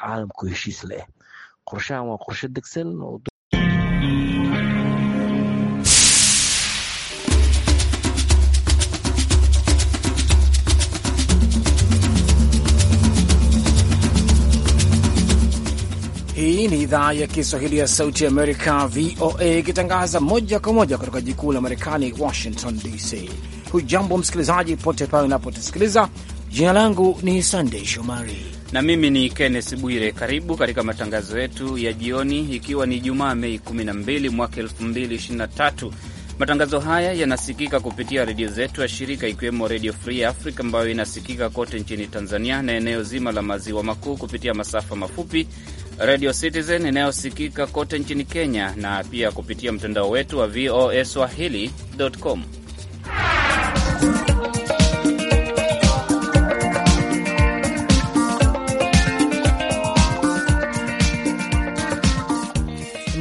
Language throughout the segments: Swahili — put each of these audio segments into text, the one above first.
caalamku heshiis ah qorshahan waa qorshe degsan Hii ni idhaa ya Kiswahili ya Sauti Amerika, VOA, ikitangaza moja kwa moja kutoka jikuu la Marekani, Washington DC. Hujambo msikilizaji pote pale unapotusikiliza. Jina langu ni sandey Shomari na mimi ni Kenneth Bwire. Karibu katika matangazo yetu ya jioni, ikiwa ni Jumaa Mei 12 mwaka 2023. Matangazo haya yanasikika kupitia redio zetu ya shirika ikiwemo Redio Free Africa ambayo inasikika kote nchini Tanzania na eneo zima la maziwa makuu kupitia masafa mafupi, Redio Citizen inayosikika kote nchini Kenya na pia kupitia mtandao wetu wa voa swahili.com.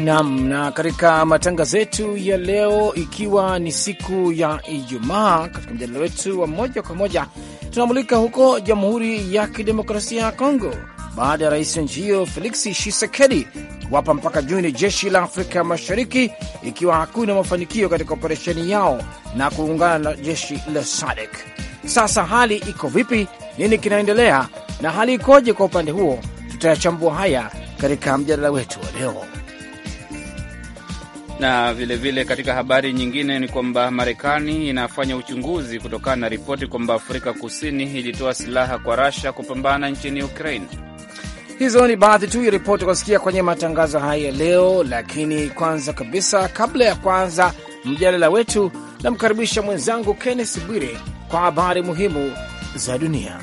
Nam na, katika matangazo yetu ya leo, ikiwa ni siku ya Ijumaa, katika mjadala wetu wa moja kwa moja tunamulika huko Jamhuri ya Kidemokrasia ya Kongo baada ya rais wa nchi hiyo Feliksi Shisekedi kuwapa mpaka Juni jeshi la Afrika Mashariki ikiwa hakuna mafanikio katika operesheni yao na kuungana na jeshi la sadek Sasa hali iko vipi? Nini kinaendelea na hali ikoje kwa upande huo? Tutayachambua haya katika mjadala wetu wa leo. Na vilevile vile katika habari nyingine ni kwamba Marekani inafanya uchunguzi kutokana na ripoti kwamba Afrika Kusini ilitoa silaha kwa Russia kupambana nchini Ukraine. Hizo ni baadhi tu ya ripoti kusikia kwenye matangazo haya ya leo, lakini kwanza kabisa, kabla ya kwanza mjadala wetu, namkaribisha mwenzangu Kenneth Bwire kwa habari muhimu za dunia.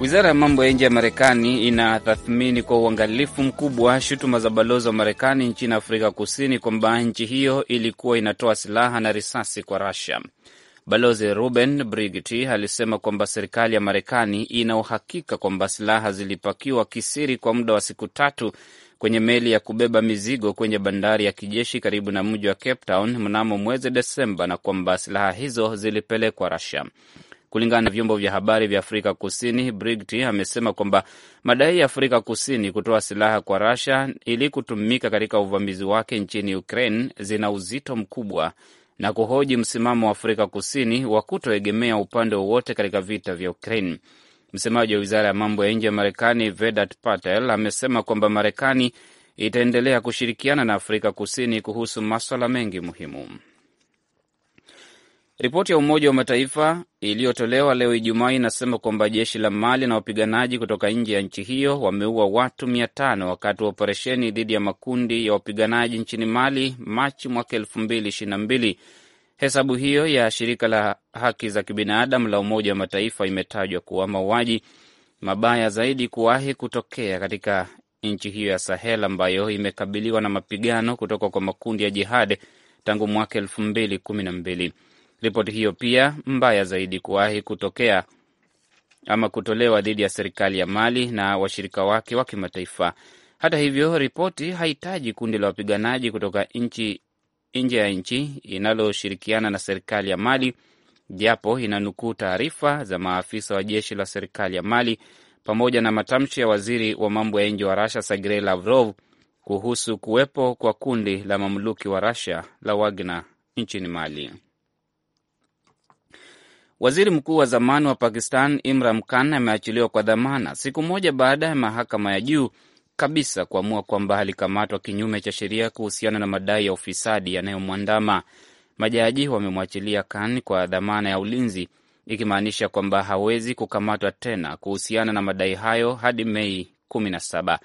Wizara ya mambo ya nje ya Marekani inatathmini kwa uangalifu mkubwa shutuma za balozi wa Marekani nchini Afrika Kusini kwamba nchi hiyo ilikuwa inatoa silaha na risasi kwa Rusia. Balozi Ruben Brigiti alisema kwamba serikali ya Marekani ina uhakika kwamba silaha zilipakiwa kisiri kwa muda wa siku tatu kwenye meli ya kubeba mizigo kwenye bandari ya kijeshi karibu na mji wa Cape Town mnamo mwezi Desemba na kwamba silaha hizo zilipelekwa Rusia. Kulingana na vyombo vya habari vya Afrika Kusini, brigt amesema kwamba madai ya Afrika Kusini kutoa silaha kwa rasia ili kutumika katika uvamizi wake nchini Ukraine zina uzito mkubwa na kuhoji msimamo wa Afrika Kusini wa kutoegemea upande wowote katika vita vya Ukraine. Msemaji wa wizara ya mambo ya nje ya Marekani Vedat Patel amesema kwamba Marekani itaendelea kushirikiana na Afrika Kusini kuhusu maswala mengi muhimu. Ripoti ya Umoja wa Mataifa iliyotolewa leo Ijumaa inasema kwamba jeshi la Mali na wapiganaji kutoka nje ya nchi hiyo wameua watu mia tano wakati wa operesheni dhidi ya makundi ya wapiganaji nchini Mali Machi mwaka elfu mbili ishirini na mbili. Hesabu hiyo ya shirika la haki za kibinadamu la Umoja wa Mataifa imetajwa kuwa mauaji mabaya zaidi kuwahi kutokea katika nchi hiyo ya Sahel ambayo imekabiliwa na mapigano kutoka kwa makundi ya jihad tangu mwaka elfu mbili kumi na mbili. Ripoti hiyo pia mbaya zaidi kuwahi kutokea ama kutolewa dhidi ya serikali ya Mali na washirika wake wa kimataifa. Hata hivyo, ripoti hahitaji kundi la wapiganaji kutoka nchi nje ya nchi inaloshirikiana na serikali ya Mali, japo inanukuu taarifa za maafisa wa jeshi la serikali ya Mali pamoja na matamshi ya waziri wa mambo ya nje wa Rasha Sergey Lavrov kuhusu kuwepo kwa kundi la mamluki wa Rasha la Wagner nchini Mali. Waziri mkuu wa zamani wa Pakistan Imran Khan ameachiliwa kwa dhamana siku moja baada ya mahakama ya juu kabisa kuamua kwamba alikamatwa kinyume cha sheria kuhusiana na madai ya ufisadi yanayomwandama. Majaji wamemwachilia Khan kwa dhamana ya ulinzi, ikimaanisha kwamba hawezi kukamatwa tena kuhusiana na madai hayo hadi Mei 17.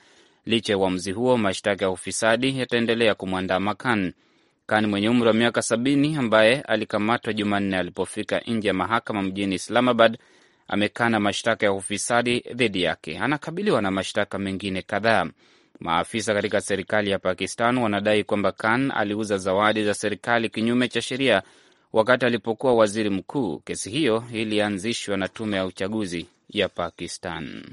Licha ya uamuzi huo, mashtaka ya ufisadi yataendelea kumwandama Khan. Khan mwenye umri wa miaka sabini ambaye alikamatwa Jumanne alipofika nje ya mahakama mjini Islamabad amekana mashtaka ya ufisadi dhidi yake. Anakabiliwa na mashtaka mengine kadhaa. Maafisa katika serikali ya Pakistan wanadai kwamba Khan aliuza zawadi za serikali kinyume cha sheria wakati alipokuwa waziri mkuu. Kesi hiyo ilianzishwa na tume ya uchaguzi ya Pakistan.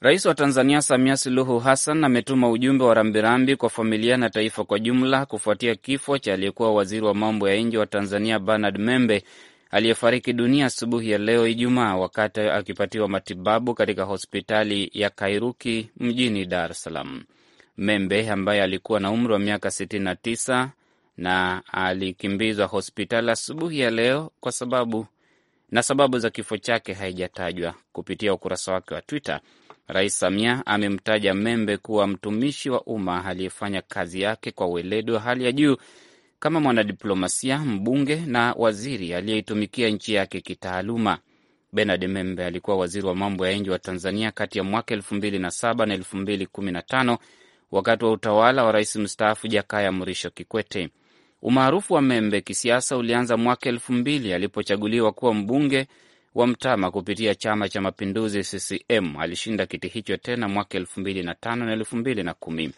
Rais wa Tanzania Samia Suluhu Hassan ametuma ujumbe wa rambirambi kwa familia na taifa kwa jumla kufuatia kifo cha aliyekuwa waziri wa mambo ya nje wa Tanzania Bernard Membe aliyefariki dunia asubuhi ya leo Ijumaa wakati akipatiwa matibabu katika hospitali ya Kairuki mjini Dar es Salaam. Membe ambaye alikuwa na umri wa miaka 69 na alikimbizwa hospitali asubuhi ya leo kwa sababu na sababu za kifo chake haijatajwa. Kupitia ukurasa wake wa Twitter, Rais Samia amemtaja Membe kuwa mtumishi wa umma aliyefanya kazi yake kwa weledi wa hali ya juu kama mwanadiplomasia, mbunge na waziri aliyeitumikia nchi yake kitaaluma. Bernard Membe alikuwa waziri wa mambo ya nje wa Tanzania kati ya mwaka 27 na 215 wakati wa utawala wa rais mstaafu Jakaya Mrisho Kikwete. Umaarufu wa Membe kisiasa ulianza mwaka elfu mbili alipochaguliwa kuwa mbunge wa Mtama kupitia Chama cha Mapinduzi CCM. Alishinda kiti hicho tena mwaka elfu mbili na tano na elfu mbili na kumi.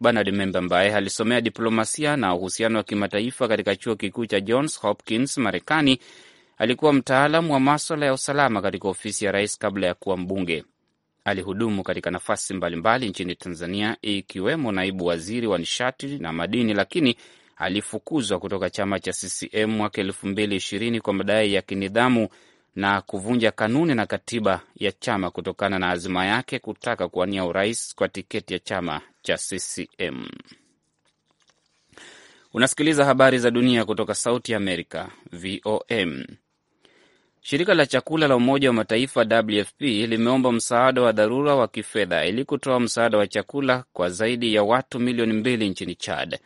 Bernard Membe ambaye alisomea diplomasia na uhusiano wa kimataifa katika chuo kikuu cha Johns Hopkins Marekani alikuwa mtaalam wa maswala ya usalama katika ofisi ya rais kabla ya kuwa mbunge. Alihudumu katika nafasi mbalimbali nchini Tanzania, ikiwemo naibu waziri wa nishati na madini, lakini alifukuzwa kutoka chama cha CCM mwaka elfu mbili ishirini kwa madai ya kinidhamu na kuvunja kanuni na katiba ya chama kutokana na azima yake kutaka kuwania urais kwa tiketi ya chama cha CCM. Unasikiliza habari za dunia kutoka Sauti ya Amerika, VOM. Shirika la chakula la Umoja wa Mataifa WFP limeomba msaada wa dharura wa kifedha ili kutoa msaada wa chakula kwa zaidi ya watu milioni mbili nchini Chad.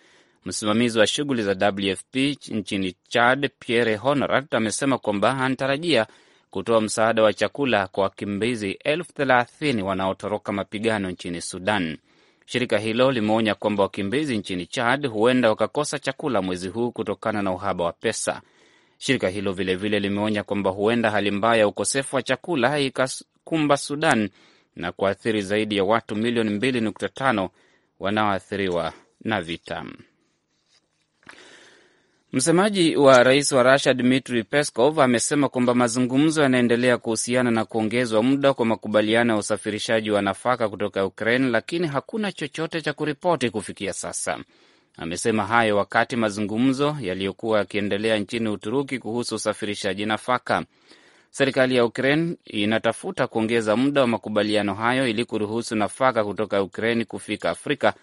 Msimamizi wa shughuli za WFP nchini Chad, Pierre Honorat, amesema kwamba anatarajia kutoa msaada wa chakula kwa wakimbizi elfu thelathini wanaotoroka mapigano nchini Sudan. Shirika hilo limeonya kwamba wakimbizi nchini Chad huenda wakakosa chakula mwezi huu kutokana na uhaba wa pesa. Shirika hilo vilevile limeonya kwamba huenda hali mbaya ya ukosefu wa chakula ikakumba Sudan na kuathiri zaidi ya watu milioni 2.5 wanaoathiriwa na vita. Msemaji wa rais wa Rusia Dmitri Peskov amesema kwamba mazungumzo yanaendelea kuhusiana na kuongezwa muda kwa makubaliano ya usafirishaji wa nafaka kutoka Ukraine, lakini hakuna chochote cha kuripoti kufikia sasa. Amesema hayo wakati mazungumzo yaliyokuwa yakiendelea nchini Uturuki kuhusu usafirishaji nafaka. Serikali ya Ukraine inatafuta kuongeza muda wa makubaliano hayo ili kuruhusu nafaka kutoka Ukraine kufika Afrika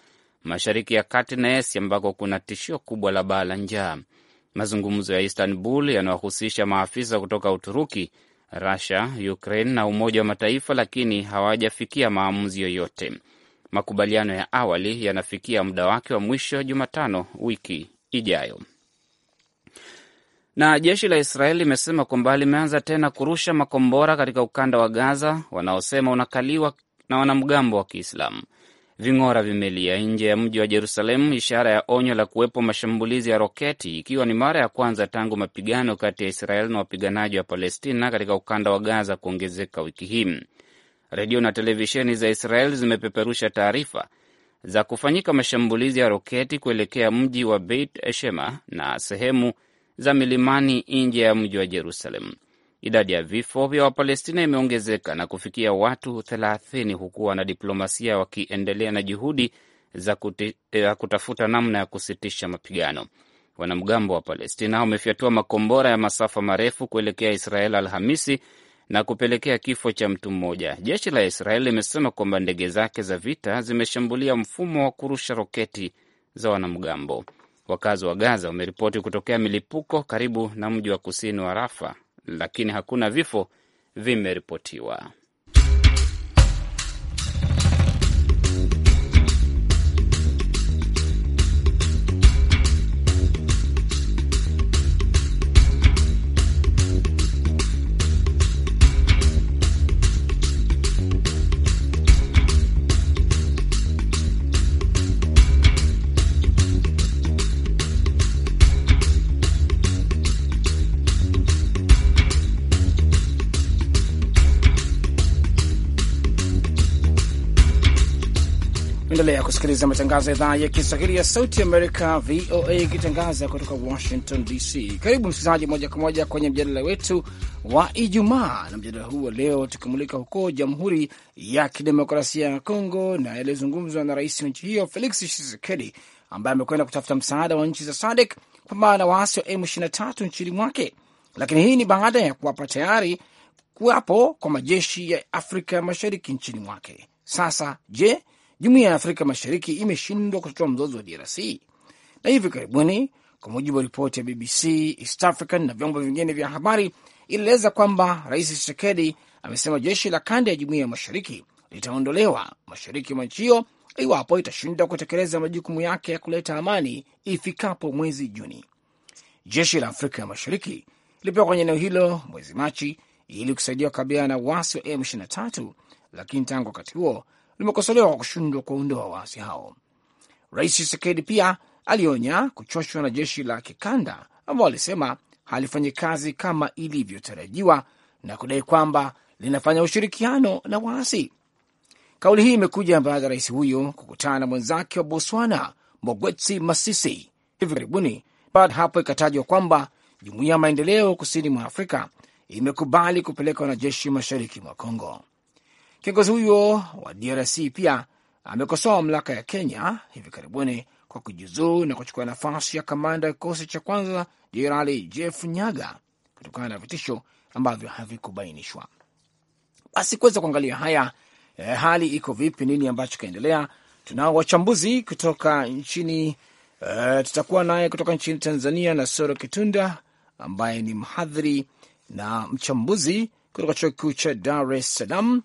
Mashariki ya Kati na Asia ambako kuna tishio kubwa la baa la njaa. Mazungumzo ya Istanbul yanawahusisha maafisa kutoka Uturuki, rusia Ukraine na Umoja wa Mataifa, lakini hawajafikia maamuzi yoyote. Makubaliano ya awali yanafikia muda wake wa mwisho Jumatano wiki ijayo. Na jeshi la Israeli limesema kwamba limeanza tena kurusha makombora katika ukanda wa Gaza wanaosema unakaliwa na wanamgambo wa Kiislamu. Ving'ora vimelia nje ya mji wa Jerusalemu, ishara ya onyo la kuwepo mashambulizi ya roketi, ikiwa ni mara ya kwanza tangu mapigano kati ya israel na wapiganaji wa Palestina katika ukanda wa Gaza kuongezeka wiki hii. Redio na televisheni za israel zimepeperusha taarifa za kufanyika mashambulizi ya roketi kuelekea mji wa Beit Shema na sehemu za milimani nje ya mji wa Jerusalemu. Idadi ya vifo vya Wapalestina imeongezeka na kufikia watu thelathini huku wanadiplomasia wakiendelea na juhudi za kuti, eh, kutafuta namna ya kusitisha mapigano. Wanamgambo wa Palestina wamefyatua makombora ya masafa marefu kuelekea Israel Alhamisi na kupelekea kifo cha mtu mmoja. Jeshi la Israel limesema kwamba ndege zake za vita zimeshambulia mfumo wa kurusha roketi za wanamgambo. Wakazi wa Gaza wameripoti kutokea milipuko karibu na mji wa kusini wa Rafa lakini hakuna vifo vimeripotiwa. kusikiliza matangazo ya idhaa ya Kiswahili ya Sauti Amerika, VOA, ikitangaza kutoka Washington DC. Karibu msikilizaji, moja kwa moja kwenye mjadala wetu wa Ijumaa, na mjadala huu wa leo tukimulika huko Jamhuri ya Kidemokrasia ya Kongo na yaliyozungumzwa na rais wa nchi hiyo Felix Tshisekedi, ambaye amekwenda kutafuta msaada wa nchi za SADC kupambana na waasi wa M23 nchini mwake, lakini hii ni baada ya kuwapa tayari kuwapo kwa majeshi ya Afrika Mashariki nchini mwake. Sasa je, jumuiya ya Afrika Mashariki imeshindwa kutatua mzozo wa DRC na hivi karibuni, kwa mujibu wa ripoti ya BBC, East African na vyombo vingine vya habari, ilieleza kwamba Rais Tshisekedi amesema jeshi la kanda ya jumuiya ya mashariki litaondolewa mashariki mwa nchi hiyo iwapo itashindwa kutekeleza majukumu yake ya kuleta amani ifikapo mwezi Juni. Jeshi la Afrika ya Mashariki lilipewa kwenye eneo hilo mwezi Machi ili kusaidia kukabiliana na uasi wa M23, lakini tangu wakati huo limekosolewa kwa kushindwa kuwaondoa waasi hao. Rais Chisekedi pia alionya kuchoshwa na jeshi la kikanda ambao alisema halifanyi kazi kama ilivyotarajiwa na kudai kwamba linafanya ushirikiano na waasi. Kauli hii imekuja baada ya rais huyo kukutana na mwenzake wa Botswana Mogwetsi Masisi hivi karibuni. Baada hapo ikatajwa kwamba jumuiya ya maendeleo kusini mwa Afrika imekubali kupeleka wanajeshi mashariki mwa Kongo. Kiongozi huyo wa DRC pia amekosoa mamlaka ya Kenya hivi karibuni kwa kujuzuu na kuchukua nafasi ya kamanda kikosi cha kwanza Jenerali Jeff Nyaga kutokana na vitisho ambavyo havikubainishwa. Basi kuweza kuangalia haya eh, hali iko vipi, nini ambacho kaendelea, tunao wachambuzi kutoka nchini eh, tutakuwa naye kutoka nchini Tanzania na Soro Kitunda ambaye ni mhadhiri na mchambuzi kutoka chuo kikuu cha Dar es Salaam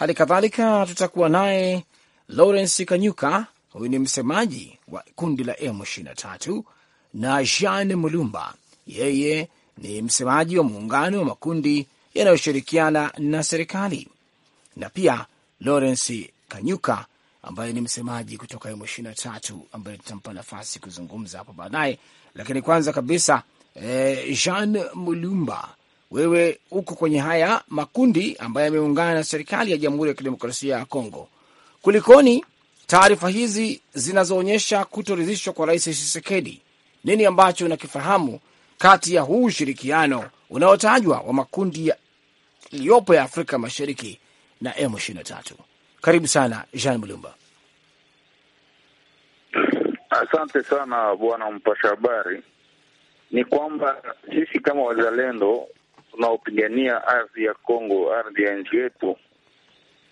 Hali kadhalika tutakuwa naye Lawrence Kanyuka, huyu ni msemaji wa kundi la M23, na Jean Mulumba, yeye ni msemaji wa muungano wa makundi yanayoshirikiana na serikali, na pia Lawrence Kanyuka ambaye ni msemaji kutoka M23 ambaye tutampa nafasi kuzungumza hapo baadaye. Lakini kwanza kabisa eh, Jean Mulumba wewe uko kwenye haya makundi ambayo yameungana na serikali ya Jamhuri ya Kidemokrasia ya Kongo. Kulikoni taarifa hizi zinazoonyesha kutoridhishwa kwa Rais Tshisekedi? Nini ambacho unakifahamu kati ya huu ushirikiano unaotajwa wa makundi yaliyopo ya Afrika Mashariki na M23? Karibu sana Jean Mulumba. Asante sana bwana mpasha habari. Ni kwamba sisi kama wazalendo tunaopigania ardhi ya Kongo, ardhi ya nchi yetu.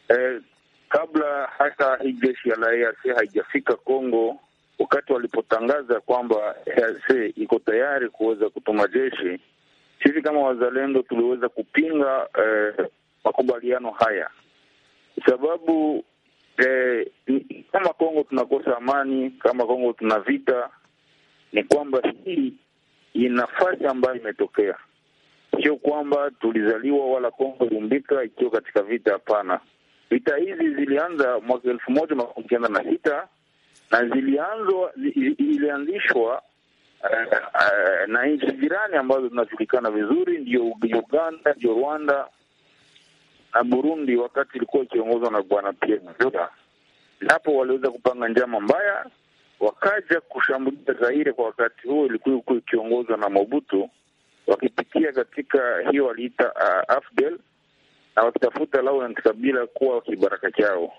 Eh, kabla hata hii jeshi ya la EAC haijafika Kongo, wakati walipotangaza kwamba EAC iko tayari kuweza kutuma jeshi, sisi kama wazalendo tuliweza kupinga eh, makubaliano haya sababu eh, kama Kongo tunakosa amani, kama Kongo tuna vita, ni kwamba hii ni nafasi ambayo imetokea sio kwamba tulizaliwa wala Kongo iliumbika ikiwa katika vita. Hapana, vita hizi zilianza mwaka elfu moja makumi kenda na sita na zilianzwa ilianzishwa uh, eh, uh, eh, na nchi jirani ambazo zinajulikana vizuri, ndio Uganda, ndio Rwanda na Burundi, wakati ilikuwa ikiongozwa na bwana Pierre Buyoya. waliweza kupanga njama mbaya, wakaja kushambulia Zaire. Kwa wakati huo ilikuwa ikiongozwa na Mobutu wakipitia katika hiyo waliita uh, Afdel na wakitafuta lau kabila kuwa kibaraka chao.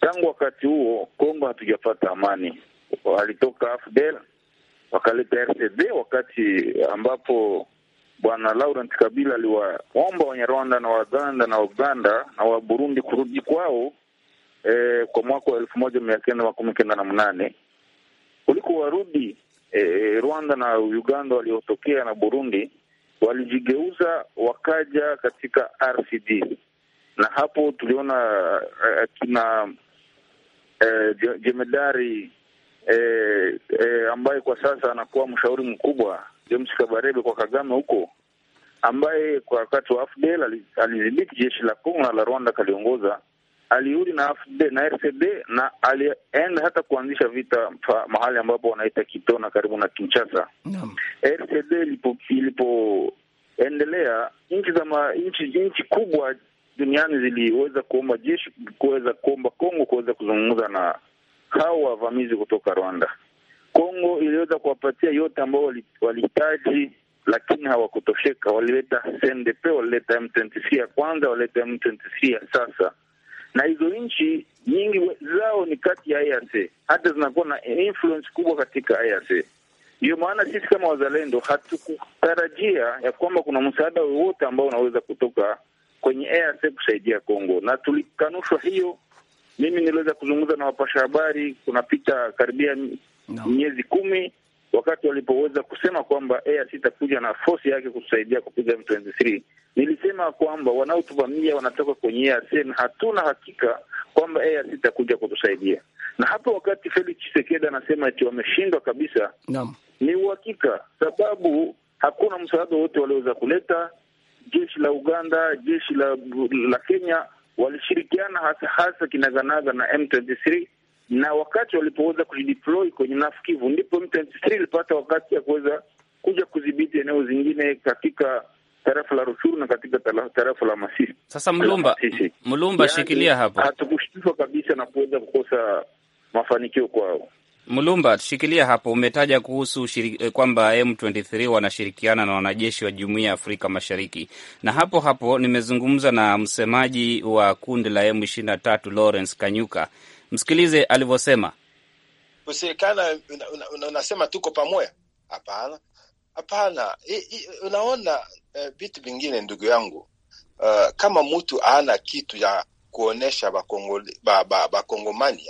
Tangu wakati huo Kongo hatujapata amani. Walitoka Afdel wakaleta RCD wakati ambapo Bwana Laurent Kabila aliwaomba Wanyarwanda na Waganda na Uganda na Waburundi kurudi kwao eh, kwa mwaka wa elfu moja mia kenda makumi kenda na mnane kuliko warudi E, e, Rwanda na Uganda waliotokea na Burundi walijigeuza wakaja katika RCD, na hapo tuliona uh, kina uh, jemedari uh, uh, ambaye kwa sasa anakuwa mshauri mkubwa James Kabarebe kwa Kagame huko, ambaye kwa wakati wa AFDL alidhibiti jeshi la Kongo na la Rwanda kaliongoza aliudi na AFD na RCD na alienda hata kuanzisha vita pa, mahali ambapo wanaita Kitona karibu na Kinshasa. Naam. RCD ilipoendelea nchi za nchi nchi kubwa duniani ziliweza kuomba jeshi kuweza kuomba Kongo kuweza kuzungumza na hao wavamizi kutoka Rwanda. Kongo iliweza kuwapatia yote ambao walihitaji, lakini hawakutosheka. Walileta CNDP, walileta M23 ya kwanza, walileta M23 ya sasa na hizo nchi nyingi zao ni kati ya ANC, hata zinakuwa na influence kubwa katika ANC. Ndiyo maana sisi kama wazalendo hatukutarajia ya kwamba kuna msaada wowote ambao unaweza kutoka kwenye ANC kusaidia Kongo, na tulikanushwa hiyo. Mimi niliweza kuzungumza na wapasha habari, kunapita karibia no. miezi kumi wakati walipoweza kusema kwamba EAC itakuja na fosi yake kutusaidia kupiga M23, nilisema kwamba wanaotuvamia wanatoka kwenye EAC na hatuna hakika kwamba EAC itakuja kutusaidia. Na hapo wakati Felix Tshisekedi anasema eti wameshindwa kabisa, naam, ni uhakika, sababu hakuna msaada wote walioweza kuleta. Jeshi la Uganda, jeshi la la Kenya walishirikiana hasa hasa kinaganaga na M23 na wakati walipoweza kujideploy kwenye nafukivu ndipo M23 ilipata wakati ya kuweza kuja kudhibiti eneo zingine katika tarafa la Rushuru na katika tarafa la Masisi. Sasa Mlumba, Mlumba, yani, shikilia hapo. Hatukushtushwa kabisa na kuweza kukosa mafanikio kwao. Mlumba, shikilia hapo. Umetaja kuhusu eh, kwamba M23 wanashirikiana na wanajeshi wa Jumuiya ya Afrika Mashariki, na hapo hapo nimezungumza na msemaji wa kundi la M23 Lawrence Kanyuka Msikilize alivyosema. Kusekana unasema tuko pamoja? Hapana, hapana. Unaona eh, vitu uh, vingine ndugu yangu uh, kama mtu ana kitu ya kuonesha bakongomani ba, ba, ba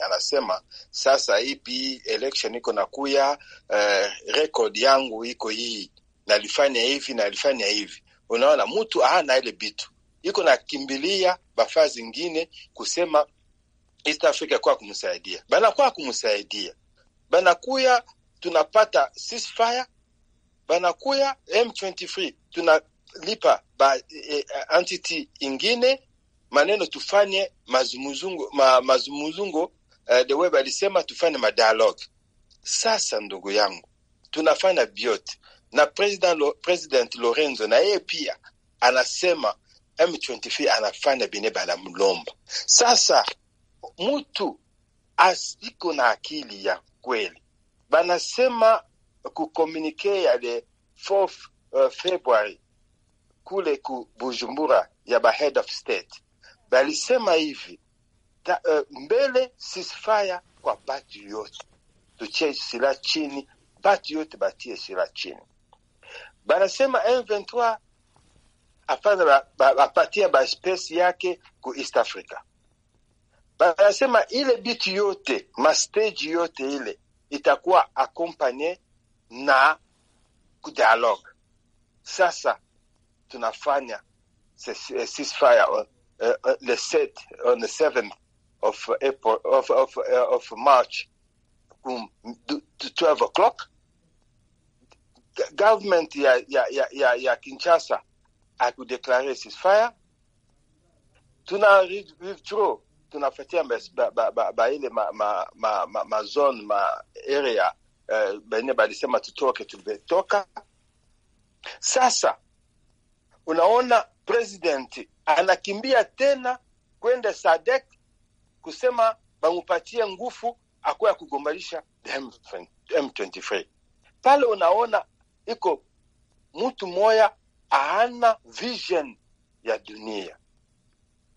anasema sasa hipi election iko kuya uh, record yangu iko hii, nalifanya hivi nalifanya hivi. Unaona mtu ana ile bitu iko nakimbilia bafaa zingine kusema East Africa kwa kumsaidia, kwa kumsaidia, banakuya tunapata ceasefire, banakuya M23 tunalipa ba e, e, entity ingine maneno, tufanye mazumuzungo ma, mazumuzungo uh, eh, the web alisema tufanye madialogue. Sasa ndugu yangu, tunafanya biote na president, president Lorenzo na yeye pia anasema M23 anafanya bine bana mlomba sasa mtu asiko na akili ya kweli. Banasema kukomunike ya le 4 uh, February kule ku Bujumbura ya ba head of state balisema hivi ta, uh, mbele ceasefire kwa batu yote, tuchie sila chini, batu yote batie sila chini. Banasema M23 afadhali bapatia ba, ba, ba, ba, ba, ba, ba, ba, ba, ba, ba, ba, ba space yake ku East Africa Banasema ile biti yote masteji yote ile itakuwa akompanye na dialogue. Sasa tunafanya eh, ceasefire on, uh, eh, the eh, set, on the 7th of April, of, of, uh, of March um, to 12 o'clock. Government ya, ya, ya, ya Kinshasa akudeklare ceasefire, tuna withdraw tunafatia baile ba, ba, ba ma, ma, ma zone ma area uh, balisema tutoke, tumetoka. Sasa unaona president anakimbia tena kwenda Sadek kusema bamupatie nguvu ya kugombalisha M23 pale. Unaona iko mtu moya aana vision ya dunia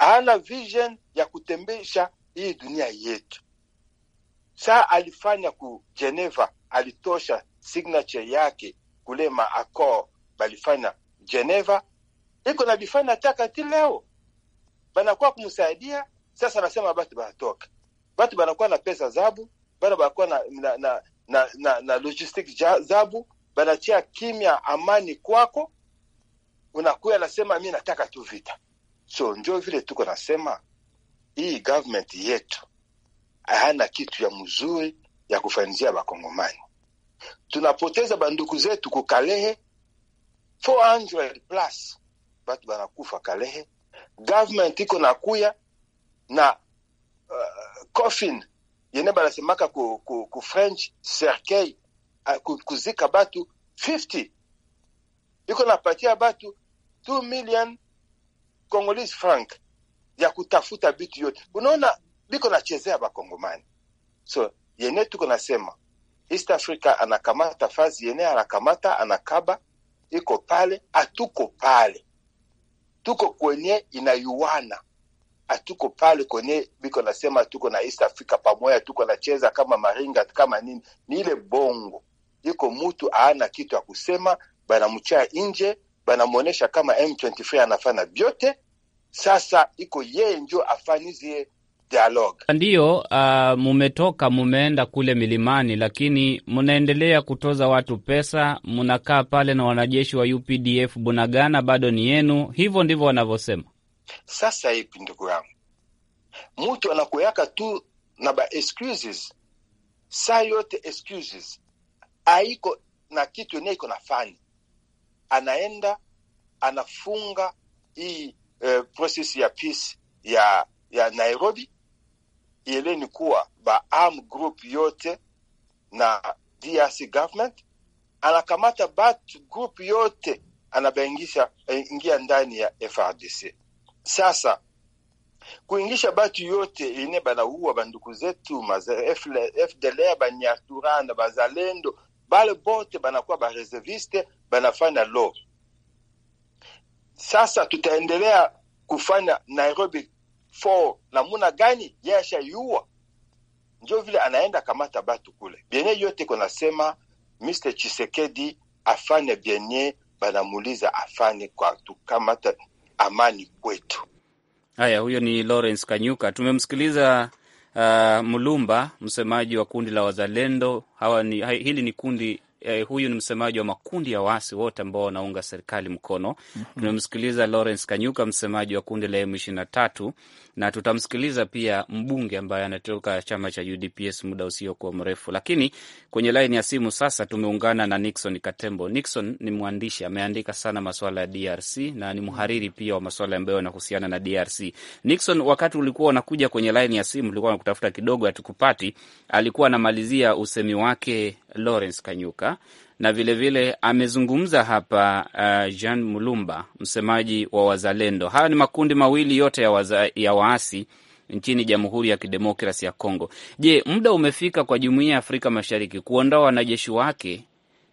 hana vision ya kutembesha hii dunia yetu. sa alifanya ku Geneva, alitosha signature yake kule maako balifanya Geneva, iko na bifana nataka ti leo banakuwa kumsaidia sasa. Nasema batu banatoka, batu banakuwa na pesa zabu, bana banakuwa na, na, na, na, na, na logistic zabu, banachia kimya amani kwako, unakuya nasema mi nataka tu vita So njo vile tuko nasema hii government yetu hana kitu ya mzuri ya kufanizia Bakongomani. Tunapoteza banduku zetu kukalehe 400 plus batu banakufa Kalehe. Government iko na kuya na uh, coffin yene banasemaka ku, ku, ku French cercueil uh, kuzika batu 50 iko napatia batu 2 million Congolese franc ya kutafuta vitu yote, unaona biko nachezea bakongomani. So yene tuko nasema East Africa anakamata fazi yene anakamata anakaba, iko pale, atuko pale, tuko kwenye inayuana, atuko pale kwenye biko nasema tuko na East Africa pamoja, tuko nacheza kama maringa kama nini, ni ile bongo iko mutu aana kitu ya kusema, banamchaa nje banamwonyesha kama M23 anafanya vyote, sasa iko yeye njo afanizie dialogue. Ndiyo, uh, mumetoka mumeenda kule milimani, lakini mnaendelea kutoza watu pesa, mnakaa pale na wanajeshi wa UPDF Bunagana bado ni yenu, hivyo ndivyo wanavyosema. Sasa hivi ndugu yangu, mtu anakuyaka tu na ba excuses saa yote, excuses na kitu yenye iko nafanya anaenda anafunga hii eh, process ya peace ya ya Nairobi ile ni kuwa ba arm group yote na DRC government anakamata bat group yote anabaingisha eh, ingia ndani ya FRDC. Sasa kuingisha batu yote ine banaua banduku zetu FDLR, banyatura na Bazalendo bale bote banakuwa bareserviste banafanya law. Sasa tutaendelea kufanya Nairobi 4 namuna gani? Yasha yua njo vile anaenda kamata batu kule, bienye yote konasema Mr. Chisekedi afanye bienye banamuliza afanye kwa tukamata amani kwetu. Haya, huyo ni Lawrence Kanyuka. Tumemsikiliza uh, Mulumba, msemaji wa kundi la Wazalendo. Hawa ni, hili ni kundi eh, huyu ni msemaji wa makundi ya waasi wote ambao wanaunga serikali mkono. Mhm. Tumemsikiliza mm -hmm. Lawrence Kanyuka, msemaji wa kundi la M ishiri na tatu na tutamsikiliza pia mbunge ambaye anatoka chama cha UDPS muda usiokuwa mrefu. Lakini kwenye laini ya simu sasa tumeungana na Nixon Katembo. Nixon ni mwandishi, ameandika sana maswala ya DRC na ni mhariri pia wa maswala ambayo yanahusiana na DRC. Nixon, wakati ulikuwa unakuja kwenye laini ya simu ulikuwa unakutafuta kidogo, hatukupati. Alikuwa anamalizia usemi wake Lawrence Kanyuka na vilevile vile, amezungumza hapa uh, Jean Mulumba, msemaji wa Wazalendo. Haya ni makundi mawili yote ya, waza, ya waasi nchini Jamhuri ya Kidemokrasi ya congo Je, muda umefika kwa jumuia ya Afrika Mashariki kuondoa wanajeshi wake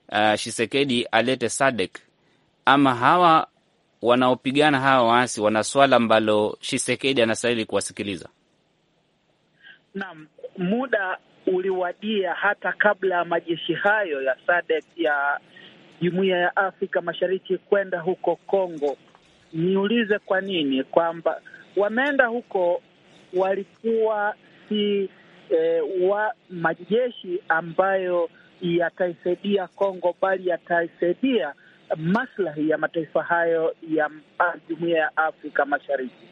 uh, Shisekedi alete Sadek ama hawa wanaopigana hawa waasi wana swala ambalo Shisekedi anastahili kuwasikiliza? Naam, muda uliwadia hata kabla ya majeshi hayo ya SADC ya Jumuiya ya Afrika Mashariki kwenda huko Kongo. Niulize kwa nini kwamba wameenda huko, walikuwa si e, wa majeshi ambayo yataisaidia Kongo, bali yataisaidia maslahi ya mataifa hayo ya Jumuiya ya Afrika Mashariki.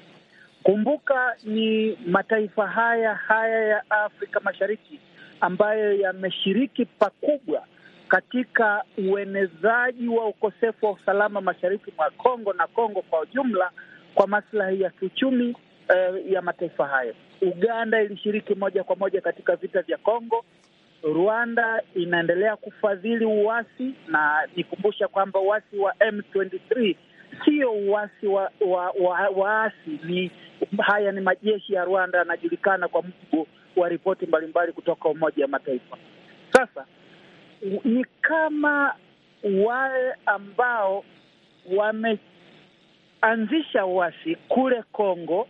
Kumbuka ni mataifa haya haya ya Afrika Mashariki ambayo yameshiriki pakubwa katika uenezaji wa ukosefu wa usalama mashariki mwa Kongo na Kongo kwa ujumla kwa maslahi ya kiuchumi uh, ya mataifa hayo. Uganda ilishiriki moja kwa moja katika vita vya Kongo. Rwanda inaendelea kufadhili uasi, na nikumbusha kwamba uasi wa M23 sio uasi wa waasi wa, wa ni haya ni majeshi ya Rwanda yanajulikana kwa mujibu kwa ripoti mbalimbali kutoka Umoja wa Mataifa. Sasa ni kama wale ambao wameanzisha uasi kule Kongo,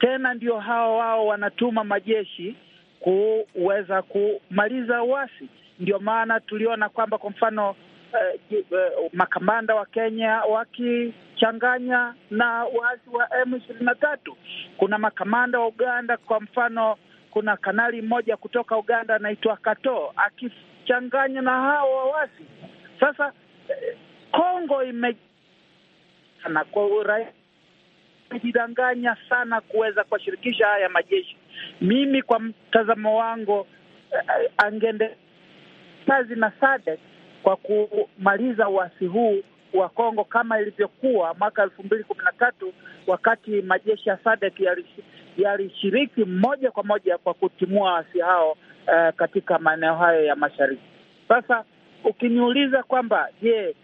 tena ndio hao wao wanatuma majeshi kuweza kumaliza uasi. Ndio maana tuliona kwamba kwa mfano eh, eh, makamanda wa Kenya wakichanganya na waasi wa M ishirini na tatu. Kuna makamanda wa Uganda kwa mfano kuna kanali mmoja kutoka Uganda anaitwa Kato akichanganya na hao wawasi. Sasa eh, Kongo ime na kwa urahisi imejidanganya sana kuweza kuwashirikisha haya majeshi. Mimi kwa mtazamo wangu eh, angeende kazi na SADC kwa kumaliza uasi huu wa Kongo kama ilivyokuwa mwaka elfu mbili kumi na tatu wakati majeshi ya SADC yalishiriki moja kwa moja kwa kutimua waasi hao uh, katika maeneo hayo ya mashariki. Sasa ukiniuliza kwamba je,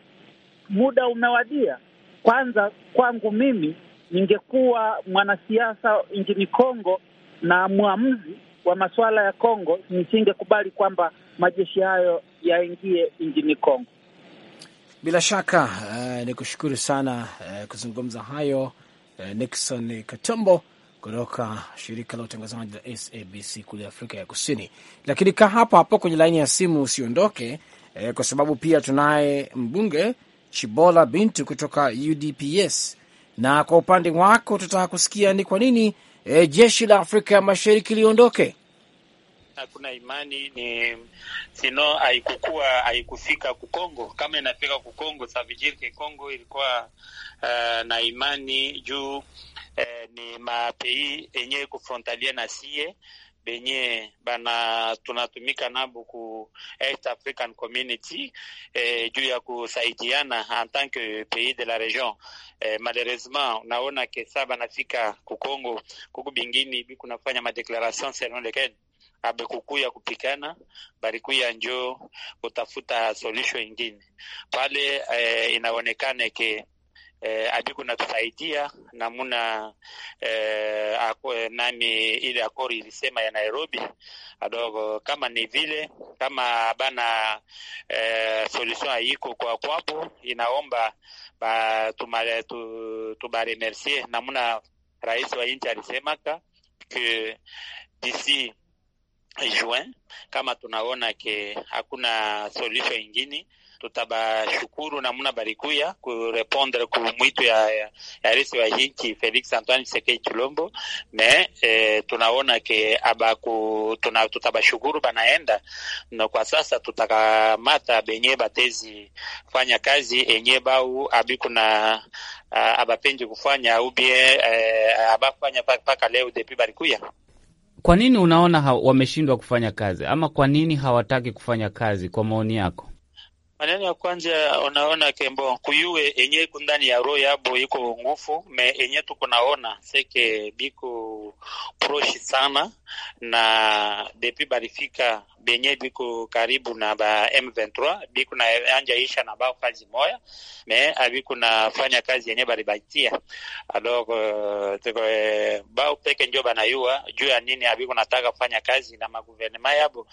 muda umewadia, kwanza kwangu mimi ningekuwa mwanasiasa nchini Kongo na mwamuzi wa masuala ya Kongo, nisingekubali kwamba majeshi hayo yaingie nchini Kongo. Bila shaka uh, ni kushukuru sana uh, kuzungumza hayo uh, Nixon Katombo kutoka shirika la utangazaji la SABC kule Afrika ya Kusini. Lakini ka hapo hapo kwenye laini ya simu usiondoke, eh, kwa sababu pia tunaye mbunge Chibola Bintu kutoka UDPS, na kwa upande wako tutaka kusikia ni kwa nini eh, jeshi la Afrika ya Mashariki liondoke hakuna imani ni sino, haikukua haikufika kukongo kama inafika kukongo savijirke Kongo ilikuwa uh, na imani juu uh, ni mapei enye kufrontalia na sie benye bana tunatumika nabo ku East African Community eh, juu ya kusaidiana en tant que pays de la region eh, malheureusement unaona kesa banafika kukongo kuku bingini bikunafanya madeclaration selon lesquelles abekukuya kupikana balikuya njo kutafuta solution ingine pale. Eh, inaonekana ke eh, natusaidia namuna eh, ako, nani ile akori ilisema ya Nairobi adogo, kama ni vile kama bana eh, solution haiko kwa kwapo, inaomba tubaremercie namuna rais wa nchi alisemaka ke disi juin. Kama tunaona ke hakuna solution ingine tutabashukuru namuna barikuya kurepondre ku mwito ya, ya, ya resi wa hinchi Felix Antoine Tshisekedi Chilombo me e, eh, tunaona ke abaku tuna, tutabashukuru banaenda na kwa sasa tutakamata benye batezi fanya kazi enye bau abiku na ah, abapenji kufanya ubie eh, abafanya paka leo depi barikuya kwa nini unaona wameshindwa kufanya kazi ama kwa nini hawataki kufanya kazi kwa maoni yako? Maneno ya kwanza unaona kembo kuyue enye iko ndani ya roho yabo iko ngufu me enye tuko naona seke biko proshi sana na depi barifika benye biko karibu na ba M23 biko na anja isha na bao kazi moya me abiko na fanya kazi yenye bali batia alors euh, tuko eh, bao peke bana banayua juu ya nini abiko nataka fanya kazi na magouvernement yabo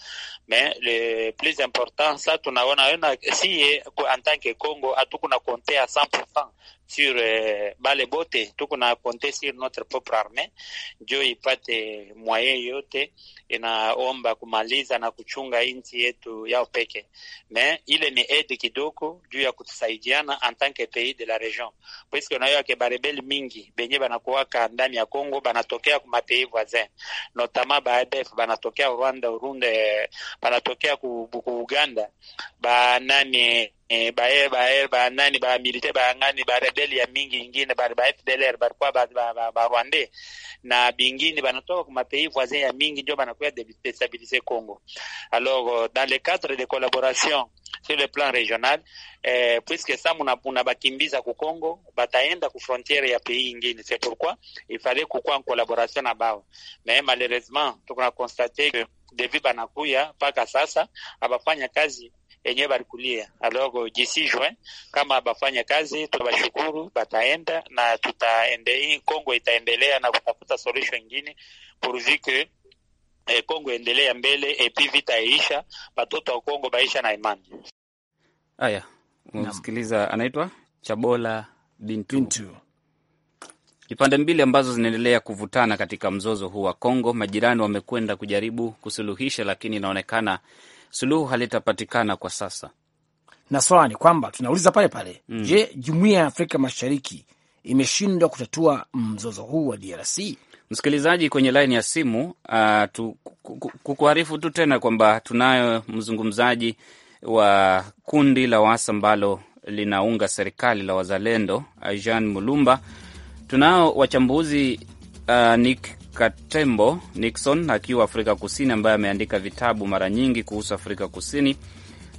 me le plus important sa tunaona si en tant que Congo na compter a 100% sur uh, bale bote tuko na konte sur notre propre armée jo ipate mwaye yote, inaomba kumaliza na kuchunga nchi yetu yao peke me, ile ni aide kidogo juu ya kutusaidiana en tant que pays de la region, puisque nayo yake barebeli mingi benye banakuwaka ndani ya Congo banatokea ku mapeis voisin notama ba ADF banatokea Rwanda, Urundi, eh, banatokea ku Uganda banani eh, baye baye ba nani ba milite ba ngani ba rebeli ya mingi ingine ba ba FDLR ba kwa ba ba, ba Rwanda na bingine banatoka kwa mapays voisins ya mingi ndio banakuwa destabiliser Congo. Alors euh, dans le cadre de collaboration sur le plan régional eh, puisque sa bakimbiza ku Congo bataenda ku frontiere ya pays ingine, c'est pourquoi il fallait kukuwa en collaboration na bao, mais malheureusement tukuna constater que devi banakuya mpaka sasa abafanya kazi enye barikulia aloko jisijwe kama bafanya kazi, tubashukuru bataenda na tutaende, Kongo itaendelea na kutafuta solution nyingine purvike eh, Kongo endelea mbele epi eh, vita iisha, batoto wa Kongo baisha na imani. Haya, msikiliza anaitwa Chabola Bintu, Bintu. Kipande mbili ambazo zinaendelea kuvutana katika mzozo huu wa Kongo, majirani wamekwenda kujaribu kusuluhisha, lakini inaonekana suluhu halitapatikana kwa sasa, na swala ni kwamba tunauliza pale pale mm. Je, jumuiya ya Afrika Mashariki imeshindwa kutatua mzozo huu wa DRC? Msikilizaji kwenye laini ya simu uh, kukuarifu tu tena kwamba tunayo mzungumzaji wa kundi la wasa ambalo linaunga serikali la wazalendo uh, Jean Mulumba. Tunao wachambuzi uh, Nick Katembo Nixon akiwa Afrika Kusini, ambaye ameandika vitabu mara nyingi kuhusu Afrika Kusini.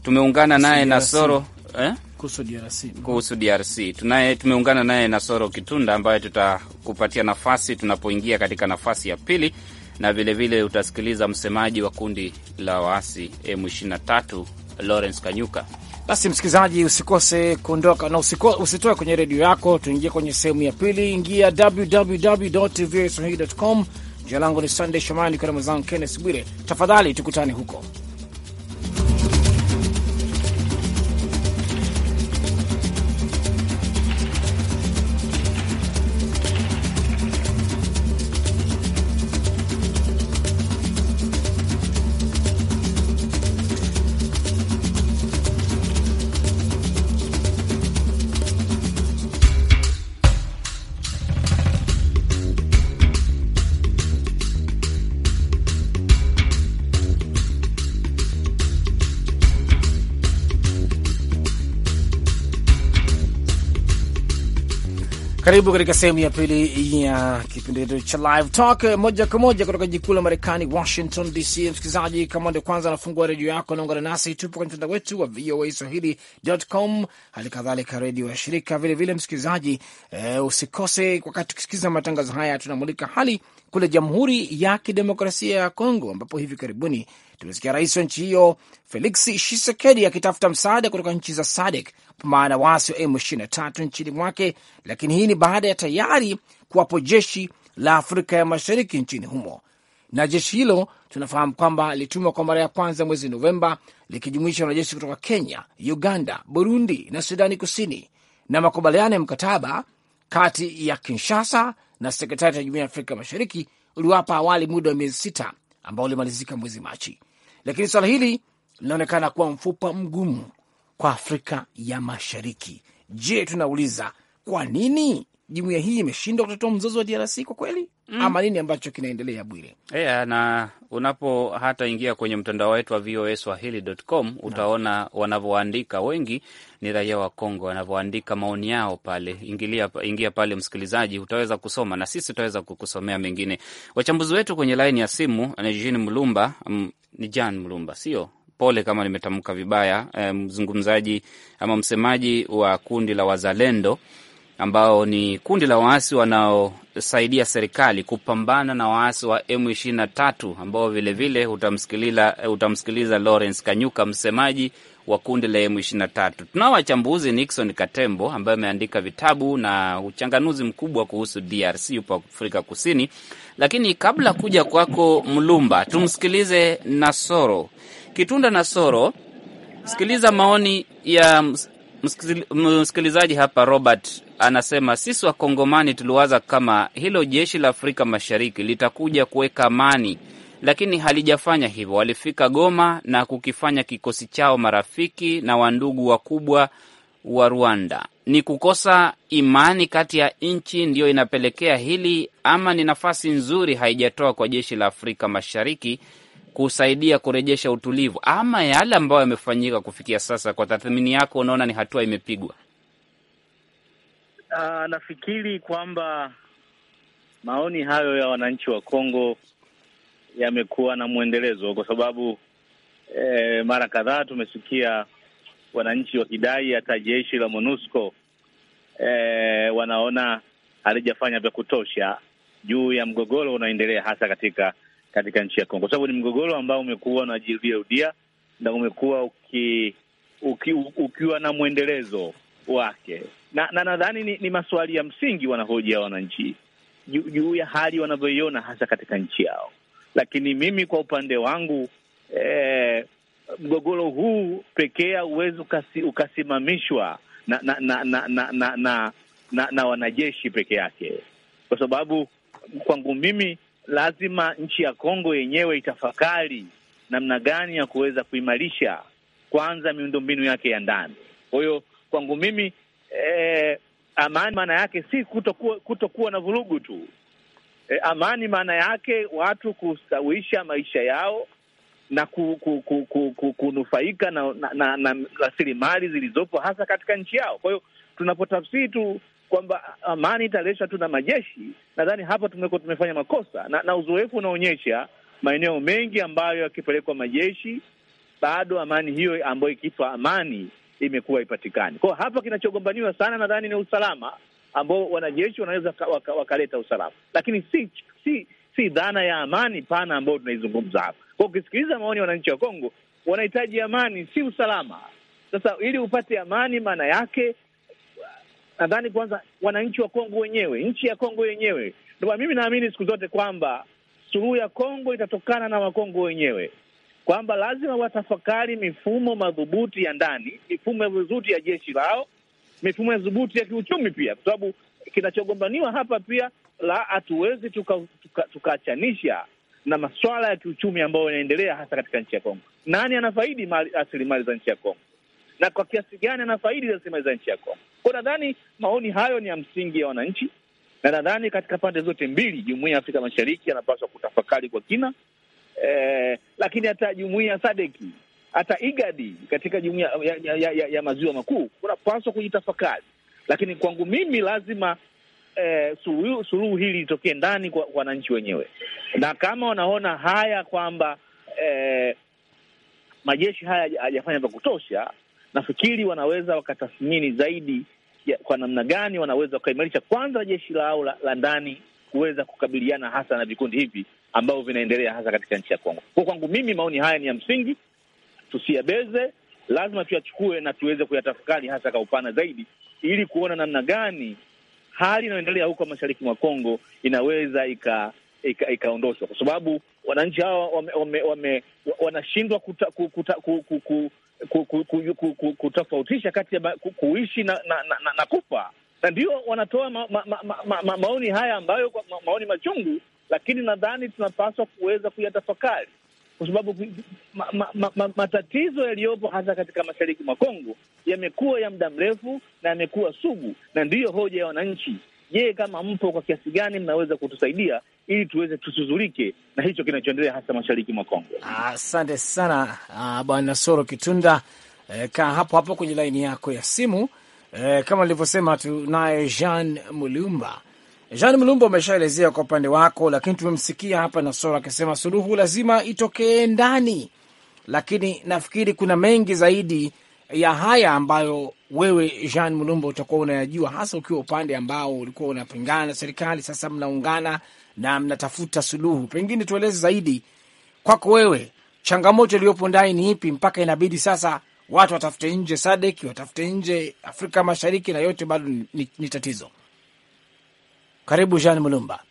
Tumeungana naye Nasoro eh? kuhusu DRC, kuhusu DRC. Tunaye, tumeungana naye Nasoro Kitunda ambaye tutakupatia nafasi tunapoingia katika nafasi ya pili, na vilevile vile utasikiliza msemaji wa kundi la waasi M23 Lawrence Kanyuka. Basi msikilizaji, usikose kuondoka na usiko, usitoe kwenye redio yako. Tuingie kwenye sehemu ya pili, ingia www.voaswahili.com. Jina langu ni Sunday Shomani, nikiwa na mwenzangu Kenneth Bwire. Tafadhali tukutane huko. Karibu katika sehemu ya pili ya kipindi chetu cha Live Talk eh, moja kwa moja kutoka jikuu la Marekani, Washington DC. Msikilizaji, kama ndio kwanza anafungua redio yako, naungana nasi, tupo kwenye mtandao wetu wa VOA Swahili.com, hali kadhalika redio ya shirika vilevile. Msikilizaji eh, usikose wakati ukisikiliza matangazo haya, tunamulika hali kule Jamhuri ya Kidemokrasia ya Kongo ambapo hivi karibuni tumesikia rais wa nchi hiyo Felix Shisekedi akitafuta msaada kutoka nchi za SADC kupambana na waasi wa M23 nchini mwake, lakini hii ni baada ya tayari kuwapo jeshi la Afrika ya Mashariki nchini humo, na jeshi hilo tunafahamu kwamba lilitumwa kwa mara ya kwanza mwezi Novemba, likijumuisha wanajeshi kutoka Kenya, Uganda, Burundi na Sudani Kusini. Na makubaliano ya mkataba kati ya Kinshasa na sekretariat ya Jumuiya ya Afrika Mashariki uliwapa awali muda wa miezi sita ambao ulimalizika mwezi Machi, lakini swala hili linaonekana kuwa mfupa mgumu kwa Afrika ya Mashariki. Je, tunauliza kwa nini jumuiya hii imeshindwa kutatua mzozo wa DRC? Kwa kweli mm, ama nini ambacho kinaendelea Bwire? Yeah, na unapo hata ingia kwenye mtandao wetu wa VOA swahili.com utaona wanavyoandika wengi ni raia wa Kongo wanavyoandika maoni yao pale. Ingilia, ingia pale msikilizaji, utaweza kusoma na sisi utaweza kukusomea mengine. Wachambuzi wetu kwenye laini ya simu ni Jean Mlumba, mm, ni Jan Mlumba sio Pole kama nimetamka vibaya, eh, mzungumzaji ama msemaji wa kundi la Wazalendo ambao ni kundi la waasi wanaosaidia serikali kupambana na waasi wa M23 ambao vilevile utamsikiliza, utamsikiliza Lawrence Kanyuka, msemaji wa kundi la M23. Tunao wachambuzi Nixon Katembo ambaye ameandika vitabu na uchanganuzi mkubwa kuhusu DRC, yupo Afrika Kusini. Lakini kabla kuja kwako Mlumba, tumsikilize Nasoro Kitunda. Nasoro, sikiliza maoni ya msikilizaji hapa Robert anasema sisi Wakongomani tuliwaza kama hilo jeshi la Afrika Mashariki litakuja kuweka amani, lakini halijafanya hivyo. Walifika Goma na kukifanya kikosi chao marafiki na wandugu wakubwa wa Rwanda. Ni kukosa imani kati ya nchi ndiyo inapelekea hili, ama ni nafasi nzuri haijatoa kwa jeshi la Afrika Mashariki kusaidia kurejesha utulivu, ama yale ambayo yamefanyika kufikia sasa? Kwa tathmini yako, unaona ni hatua imepigwa? Uh, nafikiri kwamba maoni hayo ya wananchi wa Kongo yamekuwa na mwendelezo kwa sababu eh, mara kadhaa tumesikia wananchi wakidai hata jeshi la MONUSCO eh, wanaona halijafanya vya kutosha juu ya mgogoro unaoendelea hasa katika katika nchi ya Kongo, kwa sababu ni mgogoro ambao umekuwa unajirudia rudia na umekuwa uki, uki, ukiwa na mwendelezo wake, na nadhani ni, ni maswali ya msingi wanahojia wananchi juu ya hali wanavyoiona hasa katika nchi yao. Lakini mimi kwa upande wangu eh, mgogoro huu pekee hauwezi ukasimamishwa na na na na, na, na, na, na, na wanajeshi peke yake, kwa sababu kwangu mimi lazima nchi ya Kongo yenyewe itafakari namna gani ya kuweza kuimarisha kwanza miundombinu yake ya ndani. Kwa hiyo kwangu mimi eh, amani maana yake si kutokuwa kutokuwa na vurugu tu. Eh, amani maana yake watu kusawisha maisha yao na ku, ku, ku, ku, ku, kunufaika na na rasilimali zilizopo hasa katika nchi yao. Kwa hiyo tunapotafsiri tu kwamba amani italeshwa tu na majeshi, nadhani hapa tumekuwa tumefanya makosa, na, na uzoefu unaonyesha maeneo mengi ambayo yakipelekwa majeshi bado amani hiyo ambayo ikiitwa amani imekuwa ipatikani kwao. Hapa kinachogombaniwa sana nadhani ni usalama ambao wanajeshi wanaweza wakaleta waka, waka usalama, lakini si si si dhana ya amani pana ambayo tunaizungumza hapa. Kwa ukisikiliza maoni ya wananchi wa Kongo, wanahitaji amani, si usalama. Sasa ili upate amani, maana yake nadhani kwanza wananchi wa Kongo wenyewe, nchi ya Kongo yenyewe. Ndio mimi naamini siku zote kwamba suluhu ya Kongo itatokana na Wakongo wenyewe kwamba lazima watafakari mifumo madhubuti ya ndani, mifumo madhubuti ya jeshi lao, mifumo madhubuti ya kiuchumi pia, kwa sababu kinachogombaniwa hapa pia la hatuwezi tukaachanisha tuka, tuka na maswala ya kiuchumi ambayo yanaendelea hasa katika nchi ya Kongo. Nani anafaidi rasilimali za nchi ya Kongo na kwa kiasi gani anafaidi rasilimali za nchi ya Kongo? Kwa nadhani maoni hayo ni ya msingi ya wananchi, na nadhani katika pande zote mbili, jumuiya ya Afrika Mashariki anapaswa kutafakari kwa kina eh, lakini hata jumuia Sadeki hata Igadi katika jumuia ya, ya, ya, ya, ya maziwa makuu kunapaswa kujitafakari, lakini kwangu mimi lazima eh, suluhu, suluhu hili litokee ndani kwa wananchi wenyewe, na kama wanaona haya kwamba eh, majeshi haya hajafanya vya kutosha, nafikiri wanaweza wakatathmini zaidi ya, kwa namna gani wanaweza wakaimarisha kwanza jeshi lao la, la ndani kuweza kukabiliana hasa na vikundi hivi ambavyo vinaendelea hasa katika nchi ya Kongo. Kwa kwangu mimi, maoni haya ni ya msingi, tusiyabeze, lazima tuyachukue na tuweze kuyatafakari hasa kwa upana zaidi, ili kuona namna gani hali inayoendelea huko mashariki mwa Kongo inaweza ika ikaondoshwa kwa sababu wananchi hawa wanashindwa kutofautisha kati ya kuishi na, na, na, na kufa na ndio wanatoa ma, ma, ma, ma, ma, maoni haya ambayo ma, maoni machungu, lakini nadhani tunapaswa kuweza kuyatafakari kwa sababu ma, ma, ma, ma, matatizo yaliyopo hasa katika mashariki mwa Kongo yamekuwa ya muda mrefu na yamekuwa sugu, na ndiyo hoja ya wananchi. Je, kama mpo, kwa kiasi gani mnaweza kutusaidia ili tuweze tusuzulike na hicho kinachoendelea hasa mashariki mwa Kongo? Asante ah, sana ah, bwana Soro Kitunda eh, kaa hapo hapo kwenye laini yako ya simu eh, kama nilivyosema tunaye Jean Mulumba. Jean Mulumba, umeshaelezea kwa upande wako, lakini tumemsikia hapa Nasoro akisema suluhu lazima itokee ndani, lakini nafikiri kuna mengi zaidi ya haya ambayo wewe Jean Mulumba utakuwa unayajua, hasa ukiwa upande ambao ulikuwa unapingana na serikali, sasa mnaungana na mnatafuta suluhu. Pengine tueleze zaidi kwako wewe, changamoto iliyopo ndani ni ipi mpaka inabidi sasa watu watafute nje Sadek, watafute nje Afrika Mashariki, na yote bado ni, ni, tatizo. Karibu Jean Mulumba.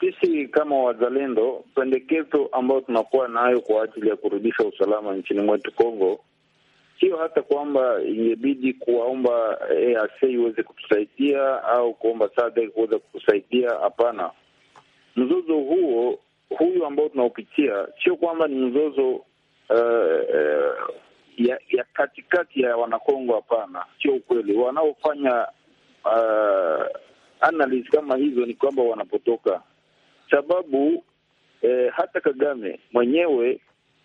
Sisi kama wazalendo, pendekezo ambayo tunakuwa nayo kwa ajili ya kurudisha usalama nchini mwetu Kongo sio hata kwamba ingebidi kuwaomba EAC eh, iweze kutusaidia au kuomba SADC kuweza kutusaidia. Hapana, mzozo huo huyu ambao tunaopitia sio kwamba ni mzozo uh, ya, ya katikati ya Wanakongo. Hapana, sio ukweli. Wanaofanya uh, analysis kama hizo ni kwamba wanapotoka, sababu eh, hata Kagame mwenyewe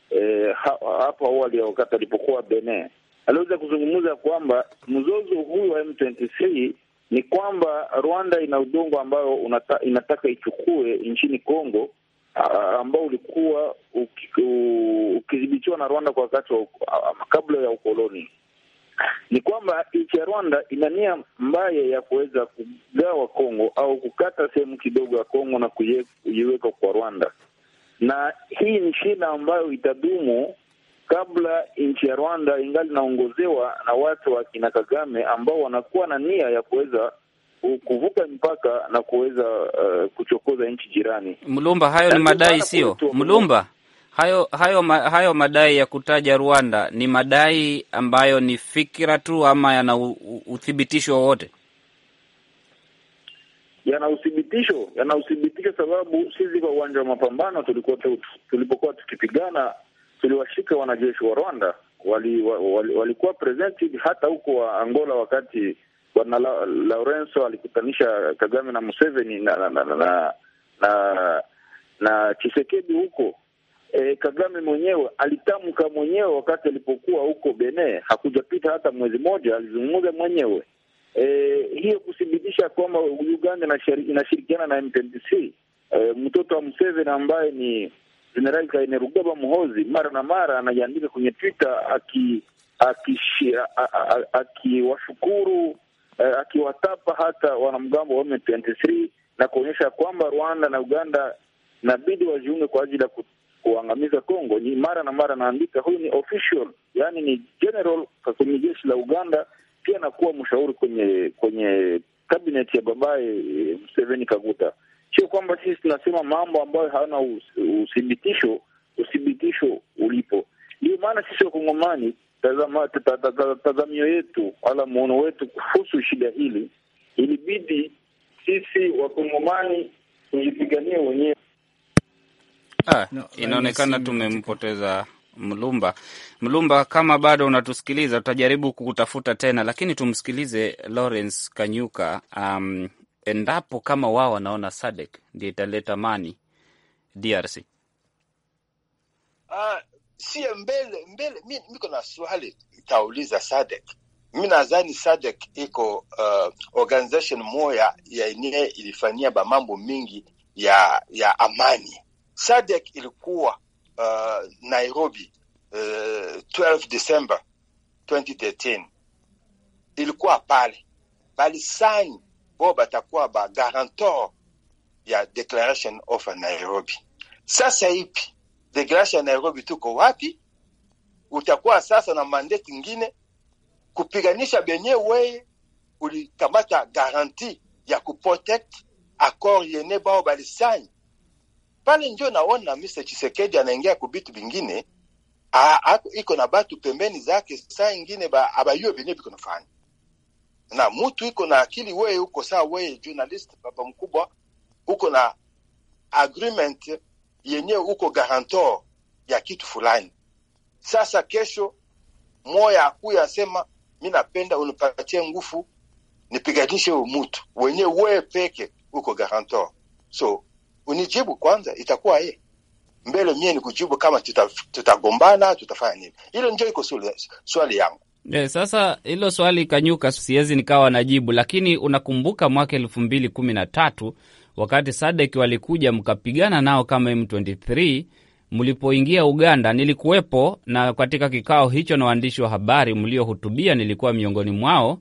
eh, hapo awali wakati alipokuwa Benin aliweza kuzungumza kwamba mzozo huu wa M23 ni kwamba Rwanda ina udongo ambayo unata, inataka ichukue nchini Kongo ambao ulikuwa ukidhibitiwa na Rwanda kwa wakati wa kabla ya ukoloni. Ni kwamba nchi ya Rwanda ina nia mbaya ya kuweza kugawa Kongo au kukata sehemu kidogo ya Kongo na kuiweka kwa Rwanda, na hii ni shida ambayo itadumu kabla nchi ya Rwanda ingali inaongozewa na watu wa kina Kagame ambao wanakuwa na nia ya kuweza kuvuka mpaka na kuweza uh, kuchokoza nchi jirani. Mlumba, hayo ni yaani madai sio? Mlumba, hayo hayo ma, hayo madai ya kutaja Rwanda ni madai ambayo ni fikira tu ama yana uthibitisho wowote? Yana uthibitisho, yana uthibitisho, sababu sisi kwa uwanja wa mapambano tulikuwa tulipokuwa tukipigana tuliwashika wanajeshi wa Rwanda, walikuwa wali, wali present hata huko wa Angola wakati Bwana Lorenzo alikutanisha Kagame na Museveni na na na, na, na, na Chisekedi huko e, Kagame mwenyewe alitamka mwenyewe wakati alipokuwa huko Bene, hakujapita hata mwezi mmoja, alizungumza mwenyewe e, hiyo kuthibitisha kwamba Uganda inashirikiana na MPDC E, mtoto wa Museveni ambaye ni Jenerali Kainerugaba Muhozi mara na mara anajiandika kwenye Twitter aki akiwashukuru uh, akiwatapa hata wanamgambo wa M23 na kuonyesha kwamba Rwanda na Uganda inabidi wajiunge kwa ajili ya kuangamiza Kongo. Ni mara na mara naandika, huyu ni official, yani ni general kwenye jeshi la Uganda, pia anakuwa mshauri kwenye kwenye kabineti ya babaye eh, Museveni Kaguta. Sio kwamba sisi tunasema mambo ambayo hayana uthibitisho, uthibitisho ulipo. Ndio maana sisi wakongomani tazamio yetu wala muono wetu kuhusu shida hili, ilibidi sisi wakongomani tujipiganie wenyewe. Ah, no, inaonekana tumempoteza Mlumba. Mlumba, kama bado unatusikiliza, tutajaribu kukutafuta tena, lakini tumsikilize Lawrence Kanyuka. Um, endapo kama wao wanaona Sadek ndio italeta amani DRC. Uh, ah, si mbele mbele. Mi niko na swali nitauliza Sadek. Mi nadhani Sadek iko uh, organization moya yenyewe ilifanyia ba mambo mingi ya ya amani. Sadek ilikuwa uh, Nairobi uh, 12 December 2013 ilikuwa pale sign bo batakuwa ba guarantor ya Declaration of Nairobi. Sasa ipi De Grace ya Nairobi tuko wapi? Utakuwa sasa na mandate ngine kupiganisha benye weye ulikamata garanti ya kuprotect accord yene bao balisani pale, ndio naona Mr. Chisekedi anaingia kubitu bingine iko na batu pembeni zake, saa ingine abayue benye biko nafanya na mutu iko na akili weye, uko saa weye journalist baba mkubwa, uko na agreement yenyewe uko garanto ya kitu fulani. Sasa kesho moya akuya asema mi napenda unipatie nguvu nipiganishe umutu wenye wewe peke uko garanto, so unijibu kwanza, itakuwa ye mbele mie ni kujibu kama tutagombana tuta tutafanya nini. Hilo ndio iko swali yangu. Yeah, sasa hilo swali ikanyuka, siwezi nikawa najibu, lakini unakumbuka mwaka elfu mbili kumi na tatu wakati Sadek walikuja mkapigana nao kama M23. Mlipoingia Uganda nilikuwepo, na katika kikao hicho na waandishi wa habari mliohutubia nilikuwa miongoni mwao.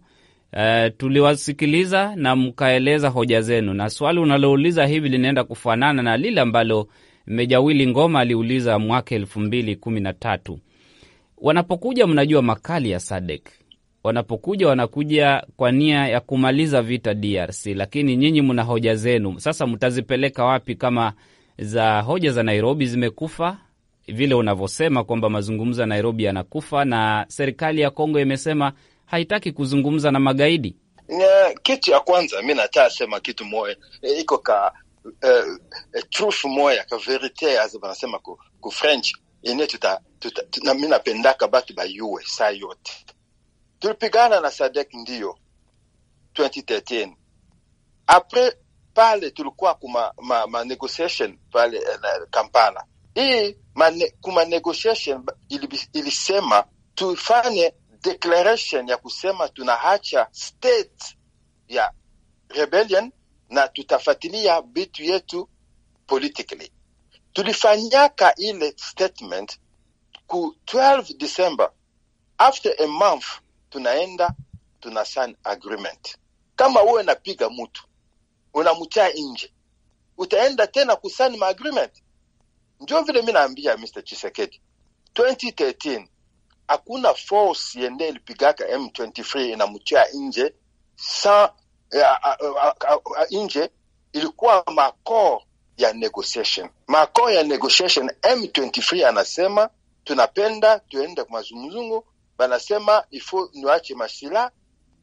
E, tuliwasikiliza na mkaeleza hoja zenu, na swali unalouliza hivi linaenda kufanana na lile ambalo Mejawili Ngoma aliuliza mwaka elfu mbili kumi na tatu. Wanapokuja mnajua makali ya Sadek wanapokuja wanakuja kwa nia ya kumaliza vita DRC, lakini nyinyi mna hoja zenu. Sasa mtazipeleka wapi kama za hoja za Nairobi zimekufa vile unavyosema kwamba mazungumzo ya Nairobi yanakufa na serikali ya Kongo imesema haitaki kuzungumza na magaidi. Kitu ya kwanza mi nataa sema kitu moya e, iko ka e, e truf moya ka verite aza banasema ku, ku French yenye tuta, tuta, tuta, mi napendaka batu bayue saa yote tulipigana na Sadek ndiyo 2013 apres pale tulikuwa kuma ma, ma negotiation pale eh, na Kampala. Hii ne, kuma negotiation ilisema tufanye declaration ya kusema tunahacha state ya rebellion na tutafuatilia bitu yetu politically. Tulifanyaka ile statement ku 12 December after a month tunaenda tuna sign agreement. Kama wewe unapiga mtu unamchaa nje, utaenda tena kusign ma agreement? Ndio vile mimi naambia Mr. Chisekedi, 2013 hakuna force yende ilipigaka M23 inamchaa nje sa eh, ah, ah, ah, nje, ilikuwa mako ya negotiation, mako ya negotiation. M23 anasema tunapenda tuende kwa mazungumzo banasema ifo niwache masila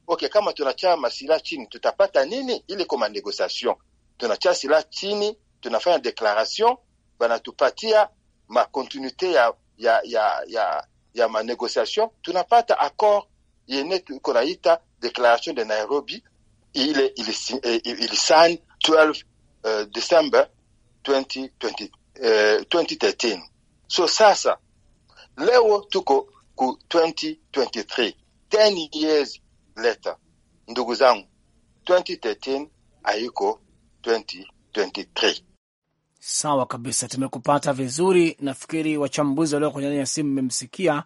okay. Kama tunachaa masila chini tutapata nini? Ile koma negociation tunachaa sila chini, tunafanya declaration, banatupatia makontinute ya, ya, ya, ya, ya manegociation, tunapata accord yene tuko naita declaration de Nairobi ile ilisaini 12 uh, December 2020, uh, 2013. So sasa leo tuko 2023 ten years later ndugu zangu 2013 haiko 2023 sawa kabisa tumekupata vizuri nafikiri wachambuzi walio kwenye ya simu mmemsikia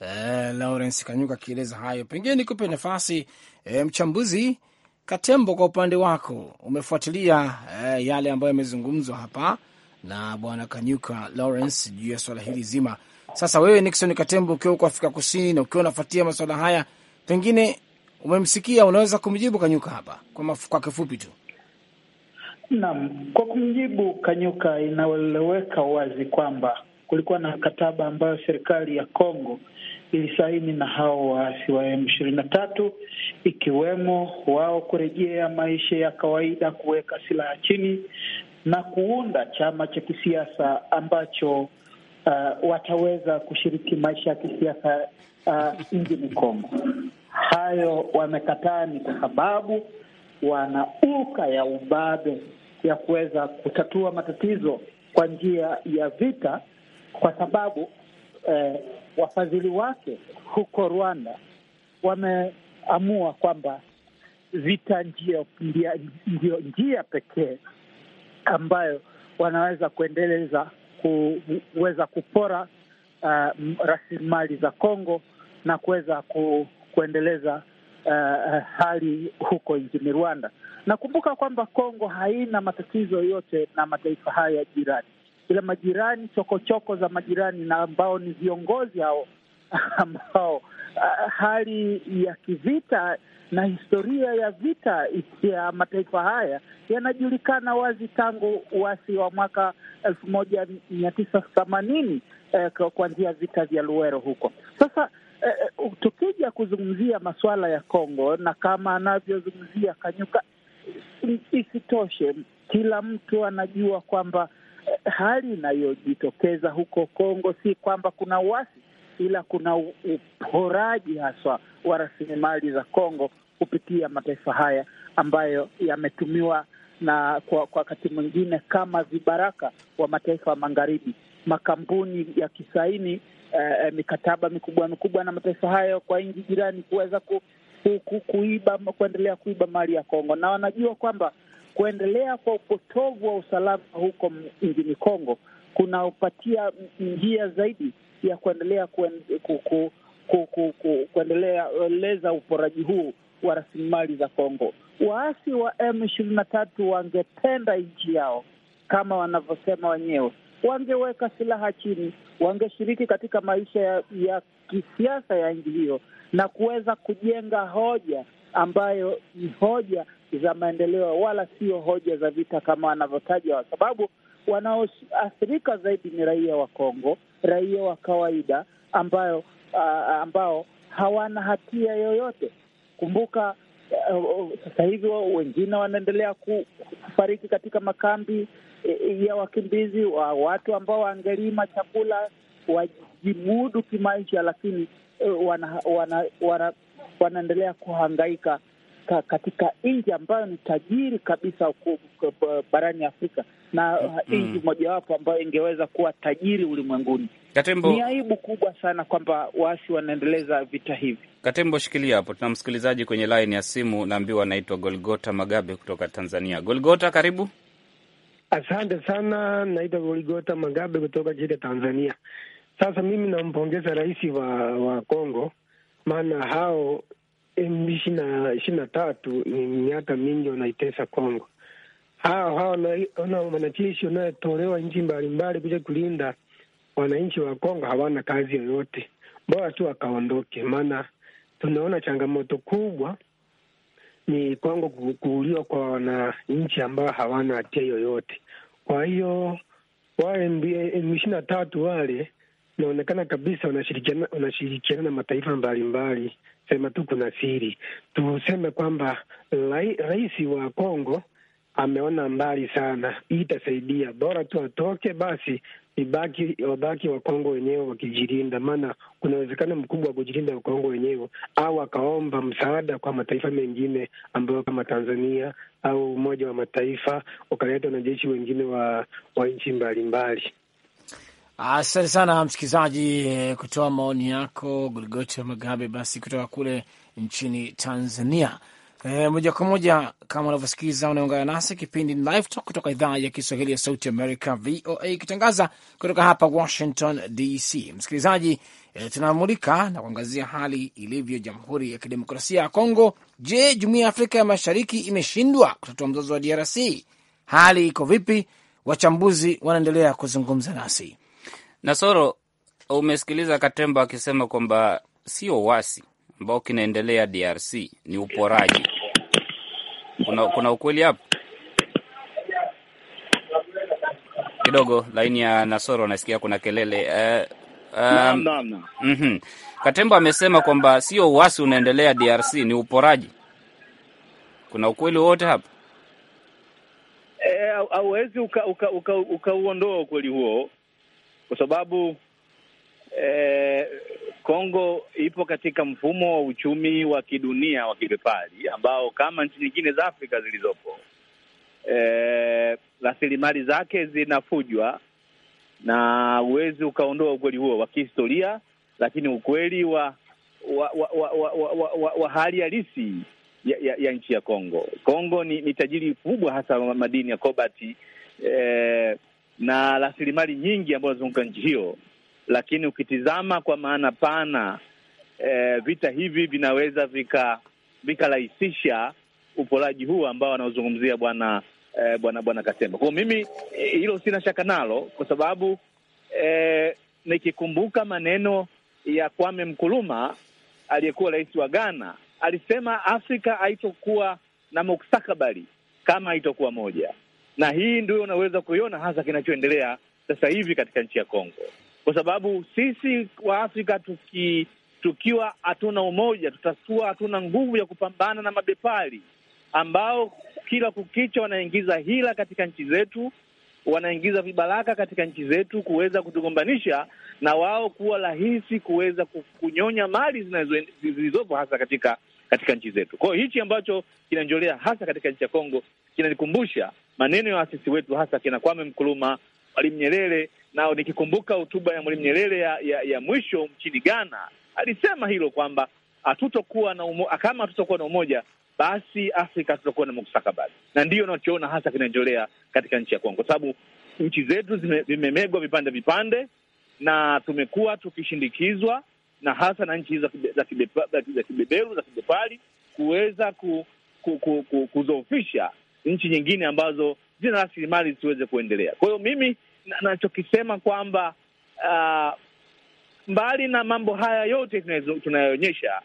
eh, Lawrence Kanyuka akieleza hayo pengine nikupe nafasi eh, mchambuzi Katembo kwa upande wako umefuatilia eh, yale ambayo yamezungumzwa hapa na bwana Kanyuka Lawrence juu ya swala hili zima sasa wewe Nixon Katembo, ukiwa huko Afrika Kusini na ukiwa unafuatia masuala haya, pengine umemsikia, unaweza kumjibu Kanyuka hapa kwa, kwa kifupi tu? Naam, kwa kumjibu Kanyuka, inaeleweka wazi kwamba kulikuwa na mkataba ambayo serikali ya Kongo ilisaini na hao waasi wa M ishirini na tatu, ikiwemo wao kurejea maisha ya kawaida, kuweka silaha chini na kuunda chama cha kisiasa ambacho uh, wataweza kushiriki maisha ya kisiasa uh, nchini Kongo. Hayo wamekataa ni kwa sababu wana uka ya ubabe ya kuweza kutatua matatizo kwa njia ya vita, kwa sababu eh, wafadhili wake huko Rwanda wameamua kwamba vita ndiyo njia, njia, njia pekee ambayo wanaweza kuendeleza kuweza kupora uh, rasilimali za Kongo na kuweza ku, kuendeleza uh, uh, hali huko nchini Rwanda. Nakumbuka kwamba Kongo haina matatizo yote na mataifa haya ya jirani, ila majirani chokochoko choko za majirani na ambao ni viongozi hao ambao uh, hali ya kivita na historia ya vita ya mataifa haya yanajulikana wazi tangu uasi wa mwaka elfu moja mia tisa themanini eh, kuanzia vita vya Luero huko sasa. Eh, eh tukija kuzungumzia masuala ya Kongo na kama anavyozungumzia Kanyuka, isitoshe kila mtu anajua kwamba eh, hali inayojitokeza huko Kongo si kwamba kuna uasi ila kuna uporaji haswa wa rasilimali za Kongo kupitia mataifa haya ambayo yametumiwa na kwa wakati mwingine kama vibaraka wa mataifa ya magharibi, makampuni ya kisaini eh, mikataba mikubwa mikubwa na mataifa hayo kwa nchi jirani kuweza ku, ku, ku, kuiba kuendelea kuiba mali ya Kongo, na wanajua kwamba kuendelea kwa upotovu wa usalama huko nchini Kongo kunaopatia njia zaidi ya kuendelea kuendelea kuendelea uporaji huu wa rasilimali za Kongo. Waasi wa M ishirini na tatu wangependa nchi yao kama wanavyosema wenyewe, wangeweka silaha chini, wangeshiriki katika maisha ya, ya kisiasa ya nchi hiyo na kuweza kujenga hoja ambayo ni hoja za maendeleo, wala sio hoja za vita kama wanavyotaja, kwa sababu wanaoathirika zaidi ni raia wa Kongo, raia wa kawaida ambayo, uh, ambao hawana hatia yoyote. Kumbuka eh, oh, sasa hivi wengine wanaendelea kufariki katika makambi eh, ya wakimbizi wa watu ambao wangelima chakula wajimudu kimaisha, lakini eh, wana, wana, wana, wanaendelea kuhangaika katika nchi ambayo ni tajiri kabisa barani Afrika na nchi mm, mojawapo ambayo ingeweza kuwa tajiri ulimwenguni. Katembo, ni aibu kubwa sana kwamba waasi wanaendeleza vita hivi. Katembo, shikilia hapo, tuna msikilizaji kwenye laini ya simu, naambiwa anaitwa Golgota Magabe kutoka Tanzania. Golgota, karibu. Asante sana, naitwa Golgota Magabe kutoka jile Tanzania. Sasa mimi nampongeza rais wa wa Kongo, maana hao M ishirini na tatu ni miaka mingi wanaitesa Kongo hao hao na wanajeshi wanaotolewa nchi mbalimbali kuja kulinda wananchi wa Kongo hawana kazi yoyote, bora tu wakaondoke, maana tunaona changamoto kubwa ni Kongo kuuliwa kwa wananchi ambao hawana hatia yoyote. Kwa hiyo wale M tatu wale inaonekana kabisa wanashirikiana wanashirikiana na mataifa mbalimbali, sema tu kuna siri. Tuseme kwamba rais wa Kongo ameona mbali sana. Hii itasaidia, bora tu atoke basi, ibaki wabaki Kongo wenyewe wakijilinda, maana kuna uwezekano mkubwa wa kujilinda Wakongo wenyewe, au akaomba msaada kwa mataifa mengine ambayo kama Tanzania au Umoja wa Mataifa ukaleta wanajeshi wengine wa, wa nchi mbalimbali. Asante sana msikilizaji eh, kutoa maoni yako, Golgota Magabe, basi kutoka kule nchini Tanzania. E, moja kwa moja kama unavyosikiliza unaungana nasi kipindi Live Talk kutoka idhaa ya Kiswahili ya Sauti Amerika VOA ikitangaza kutoka hapa Washington DC. Msikilizaji, e, tunamulika na kuangazia hali ilivyo Jamhuri ya Kidemokrasia ya Kongo. Je, Jumuiya ya Afrika ya Mashariki imeshindwa kutatua mzozo wa DRC? Hali iko vipi? Wachambuzi wanaendelea kuzungumza nasi. Nasoro, umesikiliza Katemba akisema kwamba sio wasi ambao kinaendelea DRC ni uporaji. Kuna, kuna ukweli hapo kidogo. Laini ya Nasoro nasikia kuna kelele uh, eh, um, eh, na, na, na. Mm -hmm. Katemba amesema kwamba sio uasi unaendelea DRC, ni uporaji. Kuna ukweli wowote hapo? Eh, hauwezi e, ukauondoa uka, uka, uka ukweli huo kwa sababu eh, Kongo ipo katika mfumo wa uchumi wa kidunia wa kibepari ambao kama nchi nyingine za Afrika zilizopo eh, rasilimali eh, zake zinafujwa na huwezi ukaondoa ukweli huo wa kihistoria, lakini ukweli wa wa wa, wa, wa, wa, wa, wa, wa hali halisi ya, ya, ya nchi ya Kongo. Kongo ni, ni tajiri kubwa hasa madini ya kobati eh, na rasilimali nyingi ambazo zinazunguka nchi hiyo lakini ukitizama kwa maana pana e, vita hivi vinaweza vikarahisisha vika upolaji huu ambao anaozungumzia bwana e, bwana bwana Katemba. Kwa mimi eh, hilo sina shaka nalo, kwa sababu e, nikikumbuka maneno ya Kwame mkuluma aliyekuwa rais wa Ghana, alisema Afrika haitokuwa na mustakabali kama haitokuwa moja, na hii ndio unaweza kuiona hasa kinachoendelea sasa hivi katika nchi ya Kongo kwa sababu sisi Afrika tuki, tukiwa hatuna umoja tutakuwa hatuna nguvu ya kupambana na mabepari ambao kila kukicha wanaingiza hila katika nchi zetu, wanaingiza vibaraka katika nchi zetu kuweza kutugombanisha na wao kuwa rahisi kuweza kunyonya mali zilizopo hasa katika katika nchi zetu. Kwa hiyo hichi ambacho kinanjolea hasa katika nchi ya Kongo kinanikumbusha maneno ya waasisi wetu hasa kina Kwame Nkrumah Mwalimu Nyerere, na nikikumbuka hotuba ya Mwalimu Nyerere ya, ya, ya mwisho nchini Ghana, alisema hilo kwamba hatutokuwa na umo, kama hatutokuwa na umoja basi Afrika hatutakuwa na mustakabali, na ndiyo unachoona hasa kinaendelea katika nchi ya Kongo, kwa sababu nchi zetu zimemegwa vipande vipande, na tumekuwa tukishindikizwa na hasa na nchi za kibeberu za kibepari kuweza ku, ku, ku, ku, kudhoofisha nchi nyingine ambazo zile rasilimali ziweze kuendelea. Kwa hiyo mimi nachokisema kwamba uh, mbali na mambo haya yote tunayoonyesha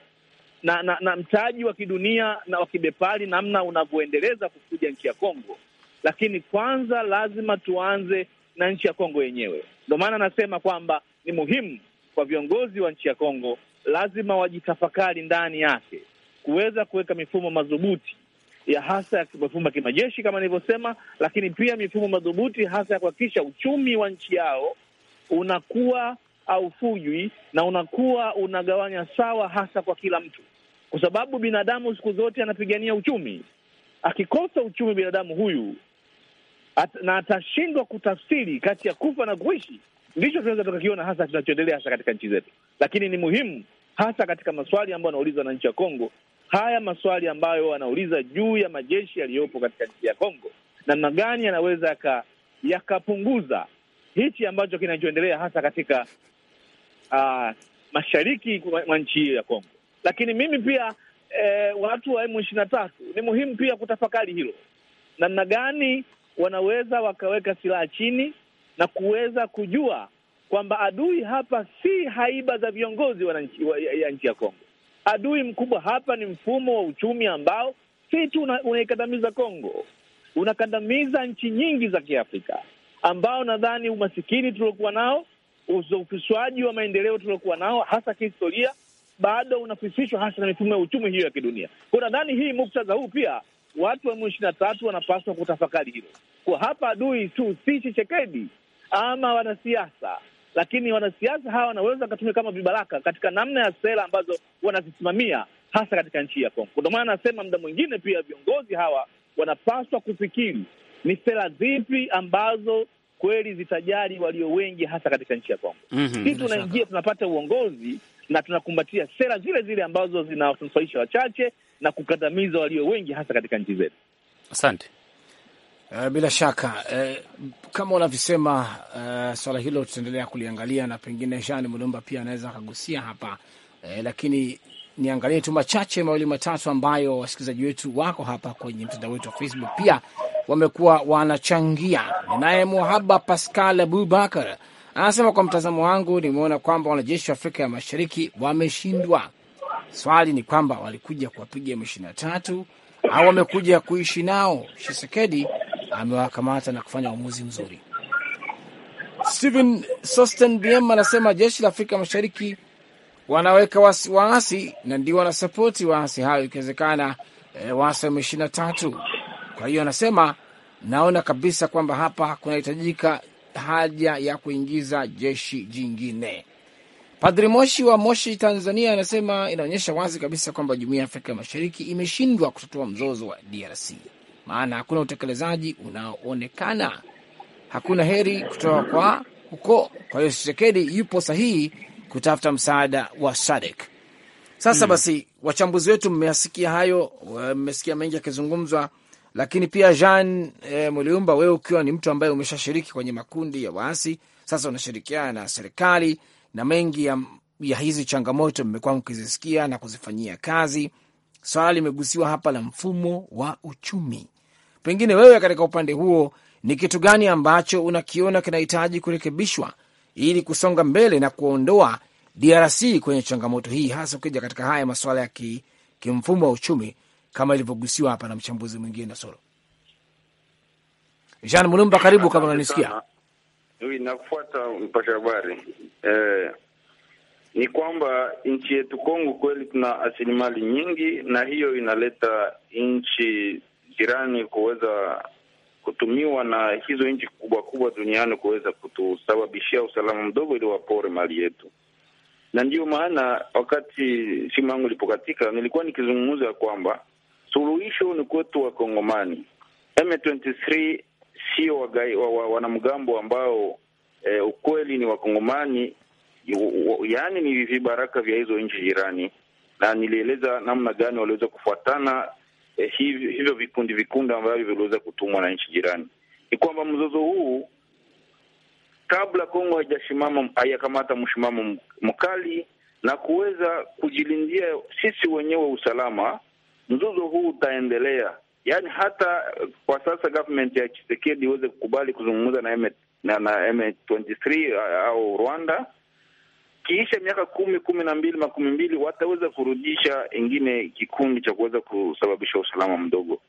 na, na, na mtaji wa kidunia na wa kibepari namna unavyoendeleza kukuja nchi ya Kongo, lakini kwanza lazima tuanze na nchi ya Kongo yenyewe. Ndio maana nasema kwamba ni muhimu kwa viongozi wa nchi ya Kongo, lazima wajitafakari ndani yake kuweza kuweka mifumo madhubuti ya hasa ya mifumo ya kimajeshi kama nilivyosema, lakini pia mifumo madhubuti hasa ya kuhakikisha uchumi wa nchi yao unakuwa au fujwi na unakuwa unagawanya sawa, hasa kwa kila mtu, kwa sababu binadamu siku zote anapigania uchumi. Akikosa uchumi binadamu huyu at, na atashindwa kutafsiri kati ya kufa na kuishi. Ndicho tunaweza tukakiona hasa tunachoendelea hasa katika nchi zetu, lakini ni muhimu hasa katika maswali ambayo anaulizwa na nchi ya Kongo haya maswali ambayo wanauliza juu ya majeshi yaliyopo katika nchi ya Kongo, namna gani yanaweza yakapunguza hichi ambacho kinachoendelea hasa katika uh, mashariki mwa nchi hiyo ya Kongo. Lakini mimi pia eh, watu wa emu ishirini na tatu ni muhimu pia kutafakari hilo, namna gani wanaweza wakaweka silaha chini na kuweza kujua kwamba adui hapa si haiba za viongozi wa nchi ya Kongo Adui mkubwa hapa ni mfumo wa uchumi ambao si tu unaikandamiza Kongo, unakandamiza nchi nyingi za Kiafrika, ambao nadhani umasikini tuliokuwa nao, uzofishwaji wa maendeleo tuliokuwa nao, hasa kihistoria, bado unafifishwa hasa na mifumo ya uchumi hiyo ya kidunia. Kwa nadhani hii muktadha huu pia watu wa emu ishirini na tatu wanapaswa kutafakari hilo. Kwa hapa adui tu si Chisekedi ama wanasiasa lakini wanasiasa hawa wanaweza wakatumia kama vibaraka katika namna ya sera ambazo wanazisimamia hasa katika nchi ya Kongo. Ndio maana anasema muda mwingine pia viongozi hawa wanapaswa kufikiri ni sera zipi ambazo kweli zitajali walio wengi hasa katika nchi ya Kongo. mm -hmm, tunaingia tunapata uongozi na tunakumbatia sera zile zile ambazo zinawanufaisha wachache na kukandamiza walio wengi hasa katika nchi zetu. Asante. Eh, bila shaka uh, kama unavyosema uh, swala hilo tutaendelea kuliangalia na pengine Jean Mulumba pia anaweza akagusia hapa uh, lakini niangalie tu machache mawili matatu ambayo wasikilizaji wetu wako hapa kwenye mtandao wetu wa Facebook pia wamekuwa wanachangia. Naye Muhaba Pascal Abubakar anasema kwa mtazamo wangu, nimeona kwamba wanajeshi wa Afrika ya Mashariki wameshindwa. Swali ni kwamba walikuja kuwapiga M tatu au wamekuja kuishi nao? Shisekedi amewakamata na kufanya uamuzi mzuri. Stephen Sosten BM anasema jeshi la Afrika Mashariki wanaweka waasi, waasi na ndio wanasapoti waasi hayo, ikiwezekana e, waasi wa 23 Kwa hiyo anasema naona kabisa kwamba hapa kunahitajika haja ya kuingiza jeshi jingine. Padri Moshi wa Moshi, Tanzania, anasema inaonyesha wazi kabisa kwamba jumuiya ya Afrika Mashariki imeshindwa kutatua mzozo wa DRC maana hakuna utekelezaji unaoonekana, hakuna heri kutoka kwa huko. Kwa hiyo Tshisekedi yupo sahihi kutafuta msaada wa SADC. Sasa hmm, basi wachambuzi wetu mmeasikia hayo, mmesikia mengi yakizungumzwa, lakini pia Jean e, eh, Muliumba, wewe ukiwa ni mtu ambaye umeshashiriki kwenye makundi ya waasi, sasa unashirikiana na serikali na mengi ya, ya hizi changamoto mmekuwa mkizisikia na kuzifanyia kazi. Swala limegusiwa hapa la mfumo wa uchumi Pengine wewe katika upande huo, ni kitu gani ambacho unakiona kinahitaji kurekebishwa ili kusonga mbele na kuondoa DRC kwenye changamoto hii, hasa ukija katika haya masuala ya ki, kimfumo wa uchumi kama ilivyogusiwa hapa na mchambuzi mwingine Nasoro Jean Mulumba. Karibu kama unanisikia. Nakufuata mpasha habari. Eh, ni kwamba nchi yetu Kongo kweli tuna asilimali nyingi, na hiyo inaleta nchi jirani kuweza kutumiwa na hizo nchi kubwa kubwa duniani kuweza kutusababishia usalama mdogo ili wapore mali yetu. Na ndiyo maana wakati simu yangu ilipokatika, nilikuwa nikizungumza kwamba suluhisho ni kwetu Wakongomani. M23 sio wanamgambo wa, wa, ambao e, ukweli ni Wakongomani, yaani ni vibaraka vya hizo nchi jirani, na nilieleza namna gani waliweza kufuatana eh, hivyo, hivyo vikundi vikundi ambavyo viliweza kutumwa na nchi jirani. Ni kwamba mzozo huu kabla Kongo haijasimama haijakamata msimamo mkali na kuweza kujilindia sisi wenyewe usalama, mzozo huu utaendelea. Yaani hata eh, kwa sasa government ya Tshisekedi iweze kukubali kuzungumza na M, na, na M23 eh, au Rwanda ikiisha miaka kumi kumi na mbili makumi mbili wataweza kurudisha ingine kikundi cha kuweza kusababisha usalama mdogo.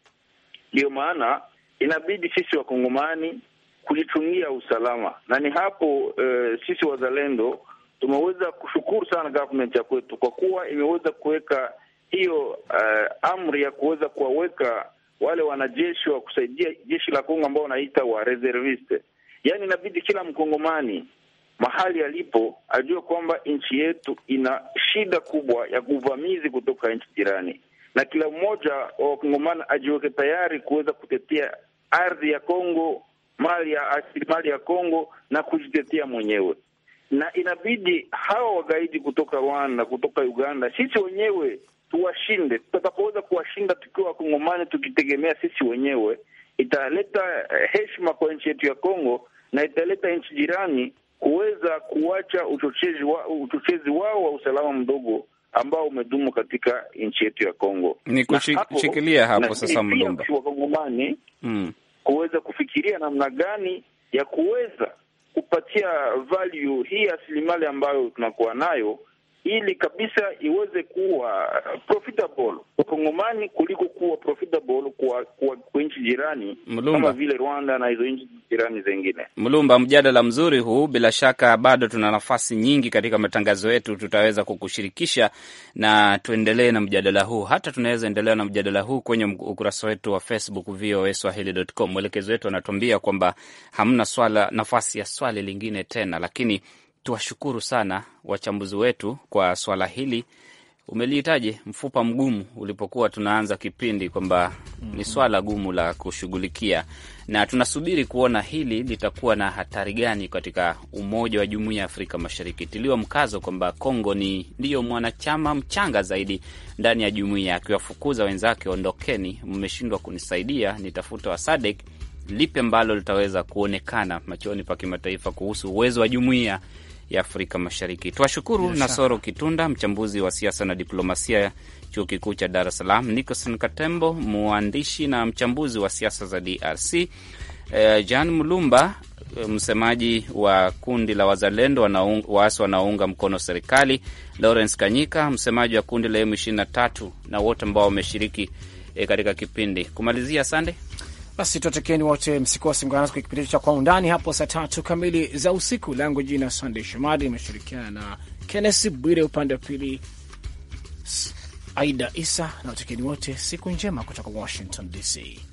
Ndiyo maana inabidi sisi wakongomani kujitungia usalama, na ni hapo eh, sisi wazalendo tumeweza kushukuru sana government ya kwetu kwa kuwa imeweza kuweka hiyo uh, amri ya kuweza kuwaweka wale wanajeshi wa kusaidia jeshi la Kongo ambao wanaita wa reserviste. Yaani inabidi kila mkongomani mahali alipo ajue kwamba nchi yetu ina shida kubwa ya uvamizi kutoka nchi jirani, na kila mmoja wa wakongomani ajiweke tayari kuweza kutetea ardhi ya Kongo, mali ya asilimali ya Kongo na kujitetea mwenyewe. Na inabidi hawa wagaidi kutoka Rwanda, kutoka Uganda, sisi wenyewe tuwashinde. Tutakapoweza kuwashinda tukiwa wakongomani, tukitegemea sisi wenyewe, italeta eh, heshima kwa nchi yetu ya Kongo na italeta nchi jirani kuweza kuacha uchochezi wa, uchochezi wao wa usalama mdogo ambao umedumu katika nchi yetu ya Kongo. Ni kushikilia hapo, hapo sasa Mlumba wakongomani mm, kuweza kufikiria namna gani ya kuweza kupatia value hii rasilimali ambayo tunakuwa nayo ili kabisa iweze kuwa profitable wakongomani kuliko kuwa profitable kwa, kwa, kwa nchi jirani kama vile Rwanda na hizo nchi jirani zingine. Mlumba, mjadala mzuri huu, bila shaka bado tuna nafasi nyingi katika matangazo yetu, tutaweza kukushirikisha na tuendelee na mjadala huu, hata tunaweza endelea na mjadala huu kwenye ukurasa wetu wa Facebook VOA Swahili.com. Mwelekezi wetu anatuambia kwamba hamna swala nafasi ya swali lingine tena, lakini tuwashukuru sana wachambuzi wetu kwa swala hili. Umelihitaje mfupa mgumu ulipokuwa tunaanza kipindi kwamba mm -hmm. ni mhm. swala gumu la kushughulikia, na tunasubiri kuona hili litakuwa na hatari gani katika umoja wa jumuiya ya Afrika Mashariki. Tiliwa mkazo kwamba Kongo ni ndiyo mwanachama mchanga zaidi ndani ya jumuiya, akiwafukuza wenzake, ondokeni, mmeshindwa kunisaidia, nitafuta wa Sadek lipi ambalo litaweza kuonekana machoni pa kimataifa kuhusu uwezo wa jumuiya ya Afrika Mashariki. Twashukuru Nasoro Kitunda, mchambuzi wa siasa na diplomasia, chuo kikuu cha Dar es Salaam, Nicholson Katembo, mwandishi na mchambuzi wa siasa za DRC, eh, Jan Mulumba, eh, msemaji wa kundi la wazalendo waasi wanaounga mkono serikali, Lawrence Kanyika, msemaji wa kundi la M23 na wote ambao wameshiriki eh, katika kipindi kumalizia. Asante. Basi tuwatekeni wote, msikose mgana kwa kipindi cha Kwa Undani hapo saa tatu kamili za usiku. Langu jina Sandey Shomari, imeshirikiana na Kennesi Bwire upande wa pili, Aida Isa na watekeni wote, siku njema kutoka Washington DC.